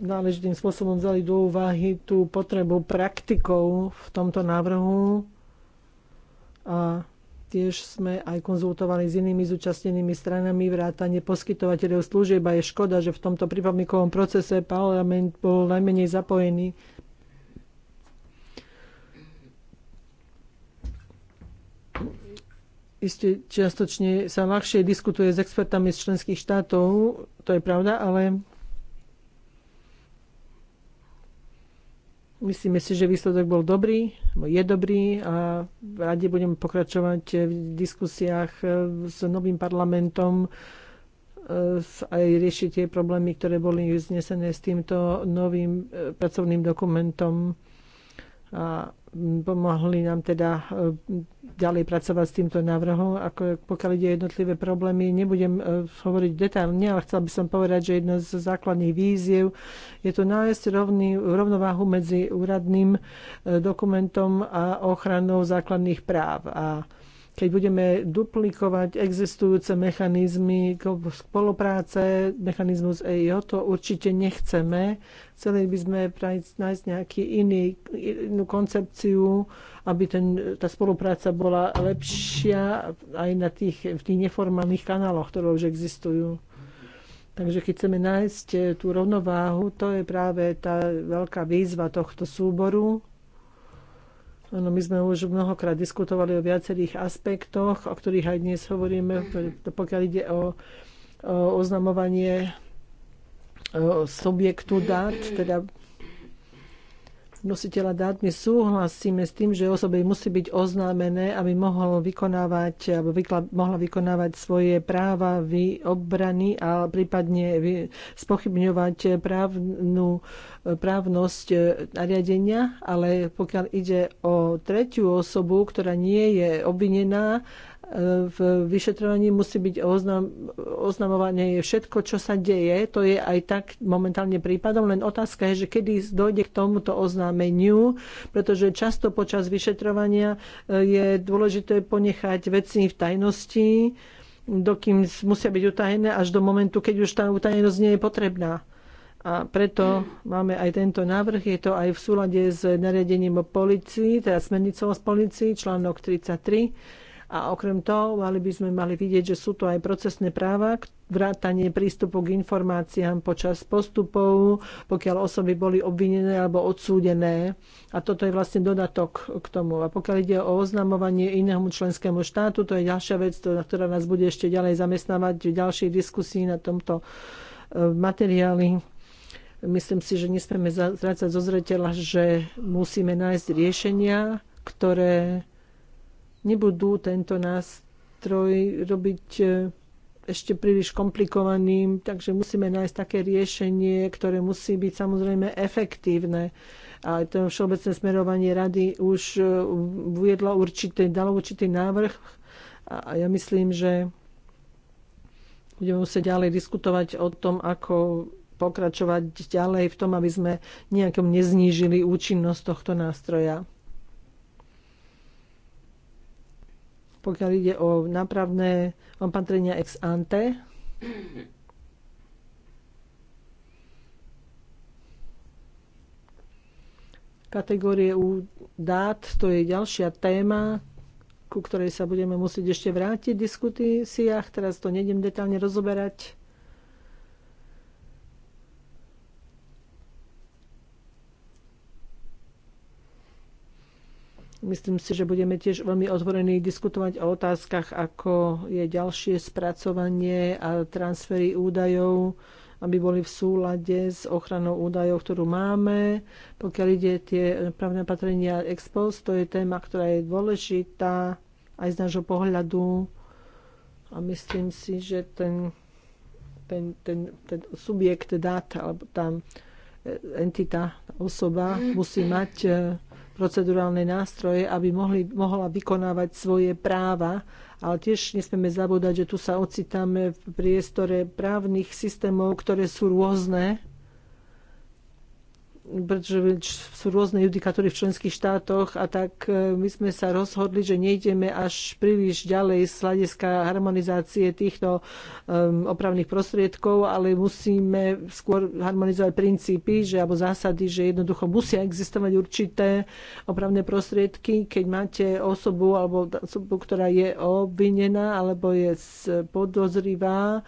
náležitým spôsobom vzali do úvahy tú potrebu praktikov v tomto návrhu a tiež sme aj konzultovali s inými zúčastnenými stranami vrátane poskytovateľov služieb a je škoda, že v tomto pripomínkovom procese parlament bol najmenej zapojený. Isté čiastočne sa ľahšie diskutuje s expertami z členských štátov, to je pravda, ale Myslíme si, že výsledok bol dobrý, je dobrý a radi budeme pokračovať v diskusiách e, s novým parlamentom e, aj riešiť tie problémy, ktoré boli vznesené s týmto novým e, pracovným dokumentom. A pomohli nám teda e, ďalej pracovať s týmto návrhom. Ako pokiaľ ide jednotlivé problémy, nebudem e, hovoriť detailne, ale chcel by som povedať, že jedna z základných víziev je to nájsť rovný, rovnováhu medzi úradným e, dokumentom a ochranou základných práv. A keď budeme duplikovať existujúce mechanizmy spolupráce, mechanizmus EIO, to určite nechceme. Chceli by sme nájsť nejaký iný, inú koncepciu, aby ten, tá spolupráca bola lepšia aj na tých, v tých neformálnych kanáloch, ktoré už existujú. Takže keď chceme nájsť eh, tú rovnováhu, to je práve tá veľká výzva tohto súboru No, my sme už mnohokrát diskutovali o viacerých aspektoch, o ktorých aj dnes hovoríme, pokiaľ ide o, o oznamovanie subjektu dát, teda nositeľa dát, my súhlasíme s tým, že osobe musí byť oznámené, aby mohol vykonávať, alebo vykla, mohla vykonávať svoje práva vy, obrany a prípadne vy, spochybňovať právnu, právnosť nariadenia, ale pokiaľ ide o tretiu osobu, ktorá nie je obvinená, v vyšetrovaní musí byť oznam, oznamované všetko, čo sa deje. To je aj tak momentálne prípadom, len otázka je, že kedy dojde k tomuto oznámeniu, pretože často počas vyšetrovania e, je dôležité ponechať veci v tajnosti, dokým musia byť utajené až do momentu, keď už tá utajenosť nie je potrebná. A preto máme aj tento návrh. Je to aj v súlade s nariadením o policii, teda smernicou o policii, článok 33 a okrem toho, mali by sme mali vidieť, že sú to aj procesné práva, vrátanie prístupu k informáciám počas postupov, pokiaľ osoby boli obvinené alebo odsúdené. A toto je vlastne dodatok k tomu. A pokiaľ ide o oznamovanie inému členskému štátu, to je ďalšia vec, ktorá nás bude ešte ďalej zamestnávať v ďalšej diskusii na tomto e, materiáli. Myslím si, že nesmieme zrácať zo zreteľa, že musíme nájsť riešenia, ktoré nebudú tento nástroj robiť e, ešte príliš komplikovaným, takže musíme nájsť také riešenie, ktoré musí byť samozrejme efektívne. A to všeobecné smerovanie rady už e, uviedlo určitý, dalo určitý návrh a ja myslím, že budeme musieť ďalej diskutovať o tom, ako pokračovať ďalej v tom, aby sme nejakom neznížili účinnosť tohto nástroja. pokiaľ ide o nápravné opatrenia ex ante. Kategórie u dát, to je ďalšia téma, ku ktorej sa budeme musieť ešte vrátiť v diskusiách. Teraz to nejdem detálne rozoberať. Myslím si, že budeme tiež veľmi otvorení diskutovať o otázkach, ako je ďalšie spracovanie a transfery údajov, aby boli v súlade s ochranou údajov, ktorú máme. Pokiaľ ide tie právne opatrenia expos, to je téma, ktorá je dôležitá aj z nášho pohľadu. A myslím si, že ten, ten, ten, ten subjekt dát alebo tá entita, osoba mhm. musí mať eh, procedurálne nástroje, aby mohli, mohla vykonávať svoje práva. Ale tiež nesmieme zabúdať, že tu sa ocitáme v priestore právnych systémov, ktoré sú rôzne pretože sú rôzne judikatúry v členských štátoch a tak e, my sme sa rozhodli, že nejdeme až príliš ďalej z hľadiska harmonizácie týchto um, opravných prostriedkov, ale musíme skôr harmonizovať princípy že, alebo zásady, že jednoducho musia existovať určité opravné prostriedky, keď máte osobu alebo osobu, ktorá je obvinená alebo je podozrivá,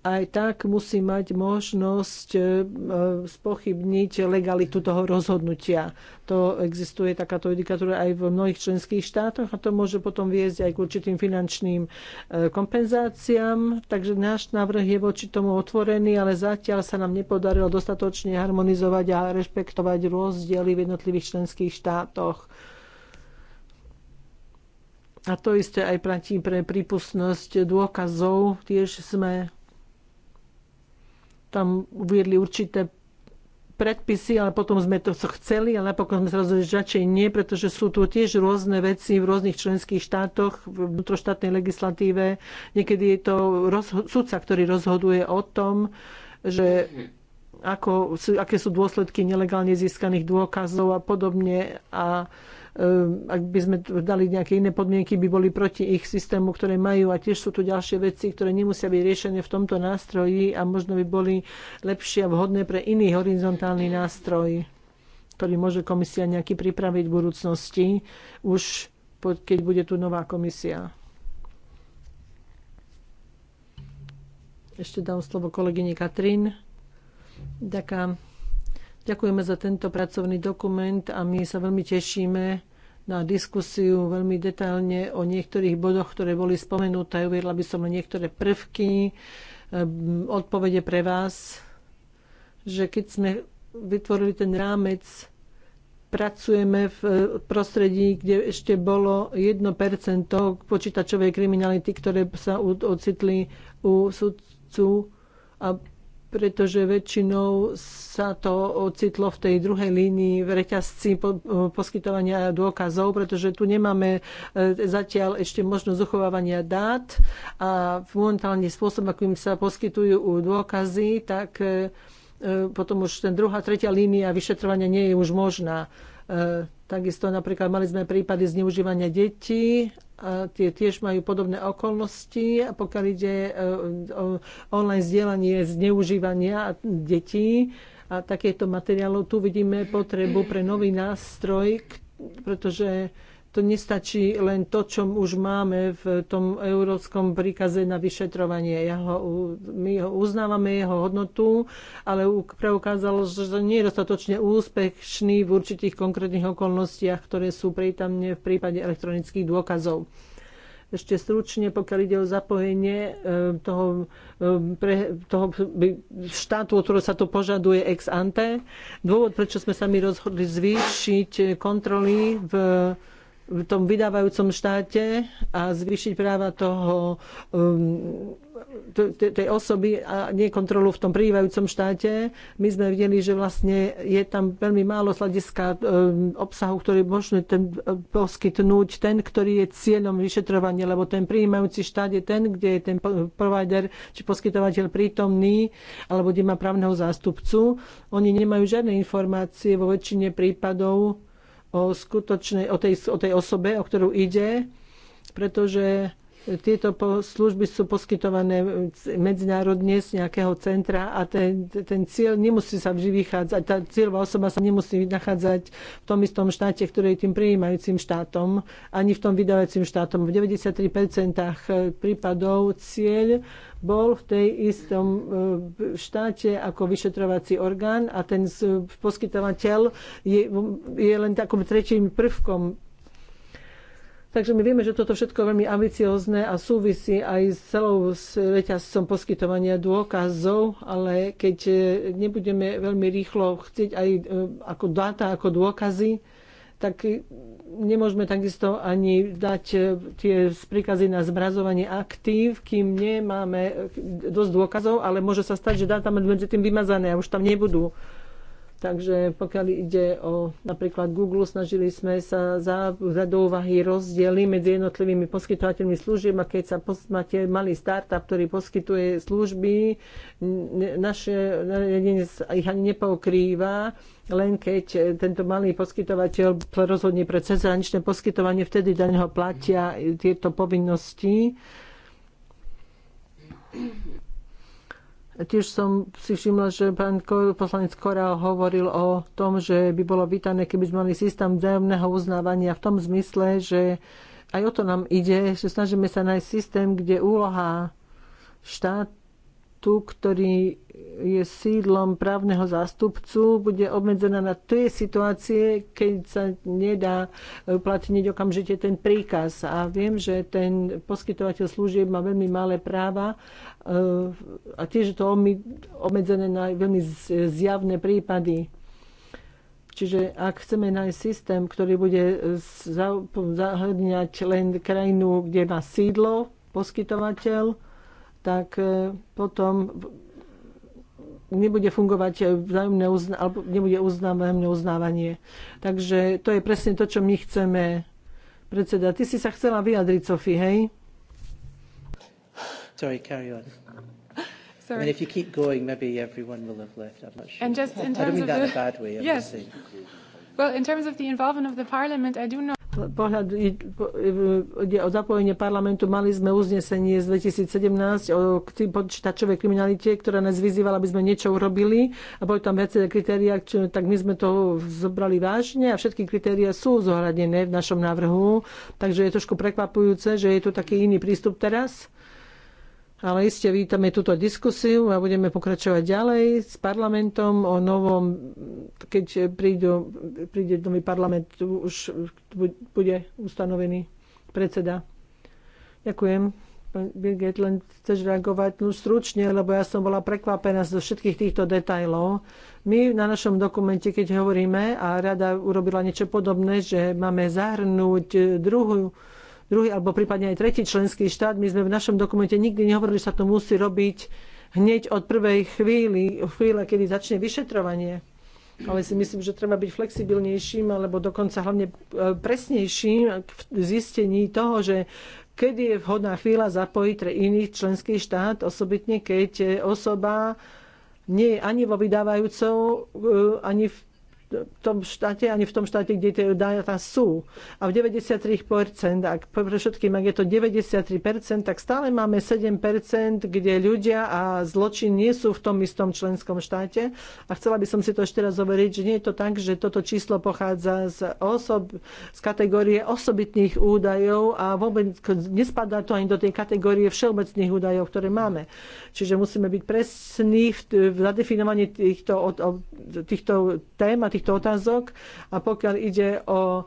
aj tak musí mať možnosť e, spochybniť legalitu toho rozhodnutia. To existuje takáto judikatúra aj v mnohých členských štátoch a to môže potom viesť aj k určitým finančným e, kompenzáciám. Takže náš návrh je voči tomu otvorený, ale zatiaľ sa nám nepodarilo dostatočne harmonizovať a rešpektovať rozdiely v jednotlivých členských štátoch. A to isté aj platí pre prípustnosť dôkazov. Tiež sme tam uviedli určité predpisy, ale potom sme to chceli, ale napokon sme sa rozhodli, že radšej nie, pretože sú tu tiež rôzne veci v rôznych členských štátoch, v vnútroštátnej legislatíve. Niekedy je to sudca, ktorý rozhoduje o tom, že ako, aké sú dôsledky nelegálne získaných dôkazov a podobne. A Ehm, ak by sme dali nejaké iné podmienky, by boli proti ich systému, ktoré majú. A tiež sú tu ďalšie veci, ktoré nemusia byť riešené v tomto nástroji a možno by boli lepšie a vhodné pre iný horizontálny nástroj, ktorý môže komisia nejaký pripraviť v budúcnosti, už keď bude tu nová komisia. Ešte dám slovo kolegyni Katrin. Ďakujem. Ďakujeme za tento pracovný dokument a my sa veľmi tešíme na diskusiu veľmi detailne o niektorých bodoch, ktoré boli spomenuté. Uviedla by som niektoré prvky, ehm, odpovede pre vás, že keď sme vytvorili ten rámec, pracujeme v e, prostredí, kde ešte bolo 1% počítačovej kriminality, ktoré sa ocitli u sudcu a pretože väčšinou sa to ocitlo v tej druhej línii v reťazci poskytovania dôkazov, pretože tu nemáme e, zatiaľ ešte možnosť uchovávania dát a momentálne spôsob, akým sa poskytujú dôkazy, tak e, e, potom už ten druhá, tretia línia vyšetrovania nie je už možná. Takisto napríklad mali sme prípady zneužívania detí tie tiež majú podobné okolnosti pokiaľ ide e, o online vzdielanie zneužívania detí a takéto materiálov, tu vidíme potrebu pre nový nástroj, pretože to nestačí len to, čo už máme v tom európskom príkaze na vyšetrovanie. Ja ho, my ho uznávame, jeho hodnotu, ale preukázalo, že to nie je dostatočne úspešný v určitých konkrétnych okolnostiach, ktoré sú prítomne v prípade elektronických dôkazov. Ešte stručne, pokiaľ ide o zapojenie e, toho, e, pre, toho štátu, o ktorého sa to požaduje ex ante. Dôvod, prečo sme sa my rozhodli zvýšiť kontroly v v tom vydávajúcom štáte a zvýšiť práva toho, um, tej osoby a nie kontrolu v tom prívajúcom štáte. My sme videli, že vlastne je tam veľmi málo sladiska um, obsahu, ktorý možno ten uh, poskytnúť ten, ktorý je cieľom vyšetrovania, lebo ten prijímajúci štát je ten, kde je ten provider či poskytovateľ prítomný alebo kde má právneho zástupcu. Oni nemajú žiadne informácie vo väčšine prípadov o, skutočnej, o, tej, o tej osobe, o ktorú ide, pretože tieto služby sú poskytované medzinárodne z nejakého centra a ten, ten cieľ nemusí sa vždy vychádzať, tá cieľová osoba sa nemusí nachádzať v tom istom štáte, ktorý je tým prijímajúcim štátom, ani v tom vydávajúcim štátom. V 93% e, prípadov cieľ bol v tej istom e, štáte ako vyšetrovací orgán a ten poskytovateľ je, je len takým tretím prvkom Takže my vieme, že toto všetko je veľmi ambiciozne a súvisí aj s celou reťazcom poskytovania dôkazov, ale keď e, nebudeme veľmi rýchlo chcieť aj e, ako dáta, ako dôkazy, tak nemôžeme takisto ani dať e, tie príkazy na zmrazovanie aktív, kým nemáme dosť dôkazov, ale môže sa stať, že dáta medzi tým vymazané a už tam nebudú. Takže pokiaľ ide o napríklad Google, snažili sme sa za, za do úvahy rozdiely medzi jednotlivými poskytovateľmi služieb a keď sa máte malý startup, ktorý poskytuje služby, naše jedine ich ani nepokrýva, len keď tento malý poskytovateľ rozhodne pre cezhraničné poskytovanie, vtedy daň ho platia tieto povinnosti. Tiež som si všimla, že pán poslanec Korál hovoril o tom, že by bolo vítané, keby sme mali systém vzájomného uznávania v tom zmysle, že aj o to nám ide, že snažíme sa nájsť systém, kde úloha štát, štátu, ktorý je sídlom právneho zástupcu, bude obmedzená na tie situácie, keď sa nedá e, platniť okamžite ten príkaz. A viem, že ten poskytovateľ služieb má veľmi malé práva e, a tiež je to obmedzené na veľmi zjavné prípady. Čiže ak chceme nájsť systém, ktorý bude e, zahľadňať len krajinu, kde má sídlo poskytovateľ, tak e, potom nebude fungovať vzájomné uzna- alebo nebude vzájomné uznávanie. Takže to je presne to, čo my chceme. Predseda, ty si sa chcela vyjadriť, Sofie, hej? Sorry, carry on. Sorry. I mean, if you keep going, maybe everyone will have left. I'm not sure. And just in terms I don't mean of that the... in a bad way. I'm yes. Well, in terms of the involvement of the parliament, I do know pohľad ide o zapojenie parlamentu. Mali sme uznesenie z 2017 o podčítačovej kriminalite, ktorá nás vyzývala, aby sme niečo urobili a boli tam viaceré kritéria, tak my sme to zobrali vážne a všetky kritéria sú zohradené v našom návrhu. Takže je trošku prekvapujúce, že je tu taký iný prístup teraz ale iste vítame túto diskusiu a budeme pokračovať ďalej s parlamentom o novom, keď prídu, príde nový parlament, už bude ustanovený predseda. Ďakujem. Pán Birgit, len chceš reagovať no, stručne, lebo ja som bola prekvapená zo všetkých týchto detajlov. My na našom dokumente, keď hovoríme, a rada urobila niečo podobné, že máme zahrnúť druhú druhý alebo prípadne aj tretí členský štát. My sme v našom dokumente nikdy nehovorili, že sa to musí robiť hneď od prvej chvíli, chvíle, kedy začne vyšetrovanie. Ale si myslím, že treba byť flexibilnejším alebo dokonca hlavne e, presnejším v zistení toho, že kedy je vhodná chvíľa zapojiť pre iných členský štát, osobitne keď osoba nie je ani vo vydávajúcom, e, ani v tom štáte, ani v tom štáte, kde tie dáta sú. A v 93%, ak pre všetkým, ak je to 93%, tak stále máme 7%, kde ľudia a zločin nie sú v tom istom členskom štáte. A chcela by som si to ešte raz overiť, že nie je to tak, že toto číslo pochádza z, osob, z kategórie osobitných údajov a vôbec nespadá to ani do tej kategórie všeobecných údajov, ktoré máme. Čiže musíme byť presní v, v zadefinovaní týchto, o, týchto tém a týchto takýchto otázok. A pokiaľ ide o e,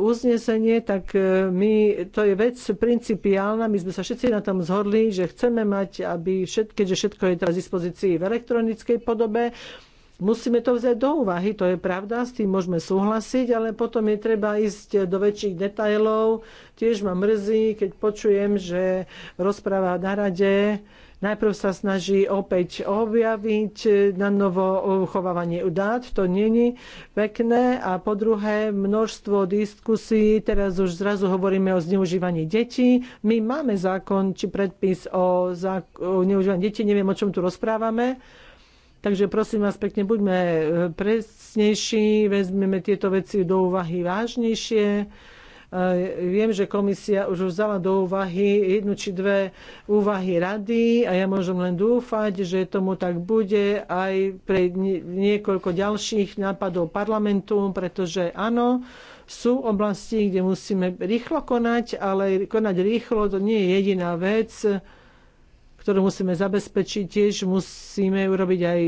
uznesenie, tak e, my, to je vec principiálna. My sme sa všetci na tom zhodli, že chceme mať, aby všet, keďže všetko je teraz v dispozícii v elektronickej podobe, Musíme to vziať do úvahy, to je pravda, s tým môžeme súhlasiť, ale potom je treba ísť do väčších detajlov. Tiež ma mrzí, keď počujem, že rozpráva na rade Najprv sa snaží opäť objaviť na novo uchovávanie dát, to není pekné. A po druhé, množstvo diskusí, teraz už zrazu hovoríme o zneužívaní detí. My máme zákon či predpis o, zneužívaní detí, neviem, o čom tu rozprávame. Takže prosím vás pekne, buďme presnejší, vezmeme tieto veci do úvahy vážnejšie Viem, že komisia už vzala do úvahy jednu či dve úvahy rady a ja môžem len dúfať, že tomu tak bude aj pre niekoľko ďalších nápadov parlamentu, pretože áno, sú oblasti, kde musíme rýchlo konať, ale konať rýchlo to nie je jediná vec, ktorú musíme zabezpečiť. Tiež musíme urobiť aj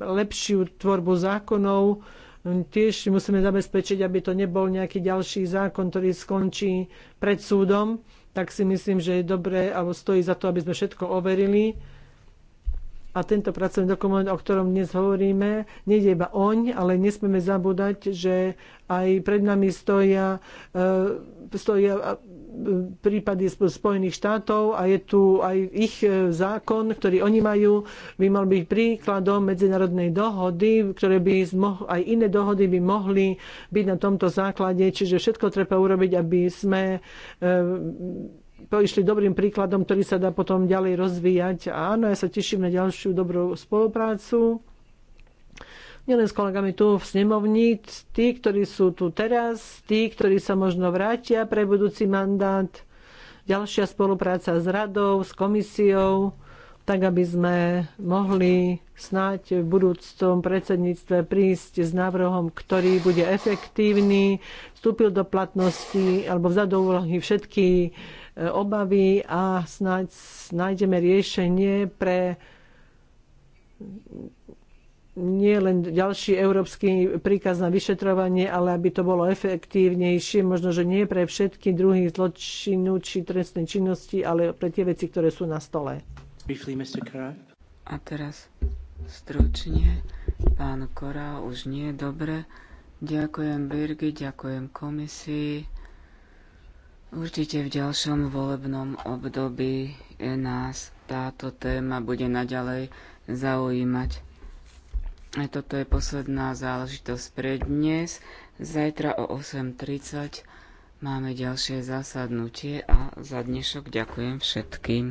lepšiu tvorbu zákonov, Hm, tiež musíme zabezpečiť, aby to nebol nejaký ďalší zákon, ktorý skončí pred súdom, tak si myslím, že je dobré, alebo stojí za to, aby sme všetko overili. A tento pracovný dokument, o ktorom dnes hovoríme, nie je iba oň, ale nesmieme zabúdať, že aj pred nami stoja, e, stoja prípady Spojených štátov a je tu aj ich e, zákon, ktorý oni majú, by mal byť príkladom medzinárodnej dohody, ktoré by aj iné dohody by mohli byť na tomto základe. Čiže všetko treba urobiť, aby sme e, išli dobrým príkladom, ktorý sa dá potom ďalej rozvíjať. A áno, ja sa teším na ďalšiu dobrú spoluprácu nielen s kolegami tu v snemovni, tí, ktorí sú tu teraz, tí, ktorí sa možno vrátia pre budúci mandát, ďalšia spolupráca s radou, s komisiou, tak aby sme mohli snáď v budúcom predsedníctve prísť s návrhom, ktorý bude efektívny, vstúpil do platnosti alebo vzal úlohy všetky e, obavy a snáď nájdeme riešenie pre nie len ďalší európsky príkaz na vyšetrovanie, ale aby to bolo efektívnejšie, možno, že nie pre všetky druhy zločinu či trestnej činnosti, ale pre tie veci, ktoré sú na stole. A teraz stručne, pán Kora, už nie, dobre. Ďakujem Birgi, ďakujem komisii. Určite v ďalšom volebnom období nás táto téma bude naďalej zaujímať. Toto je posledná záležitosť pre dnes. Zajtra o 8.30 máme ďalšie zasadnutie a za dnešok ďakujem všetkým.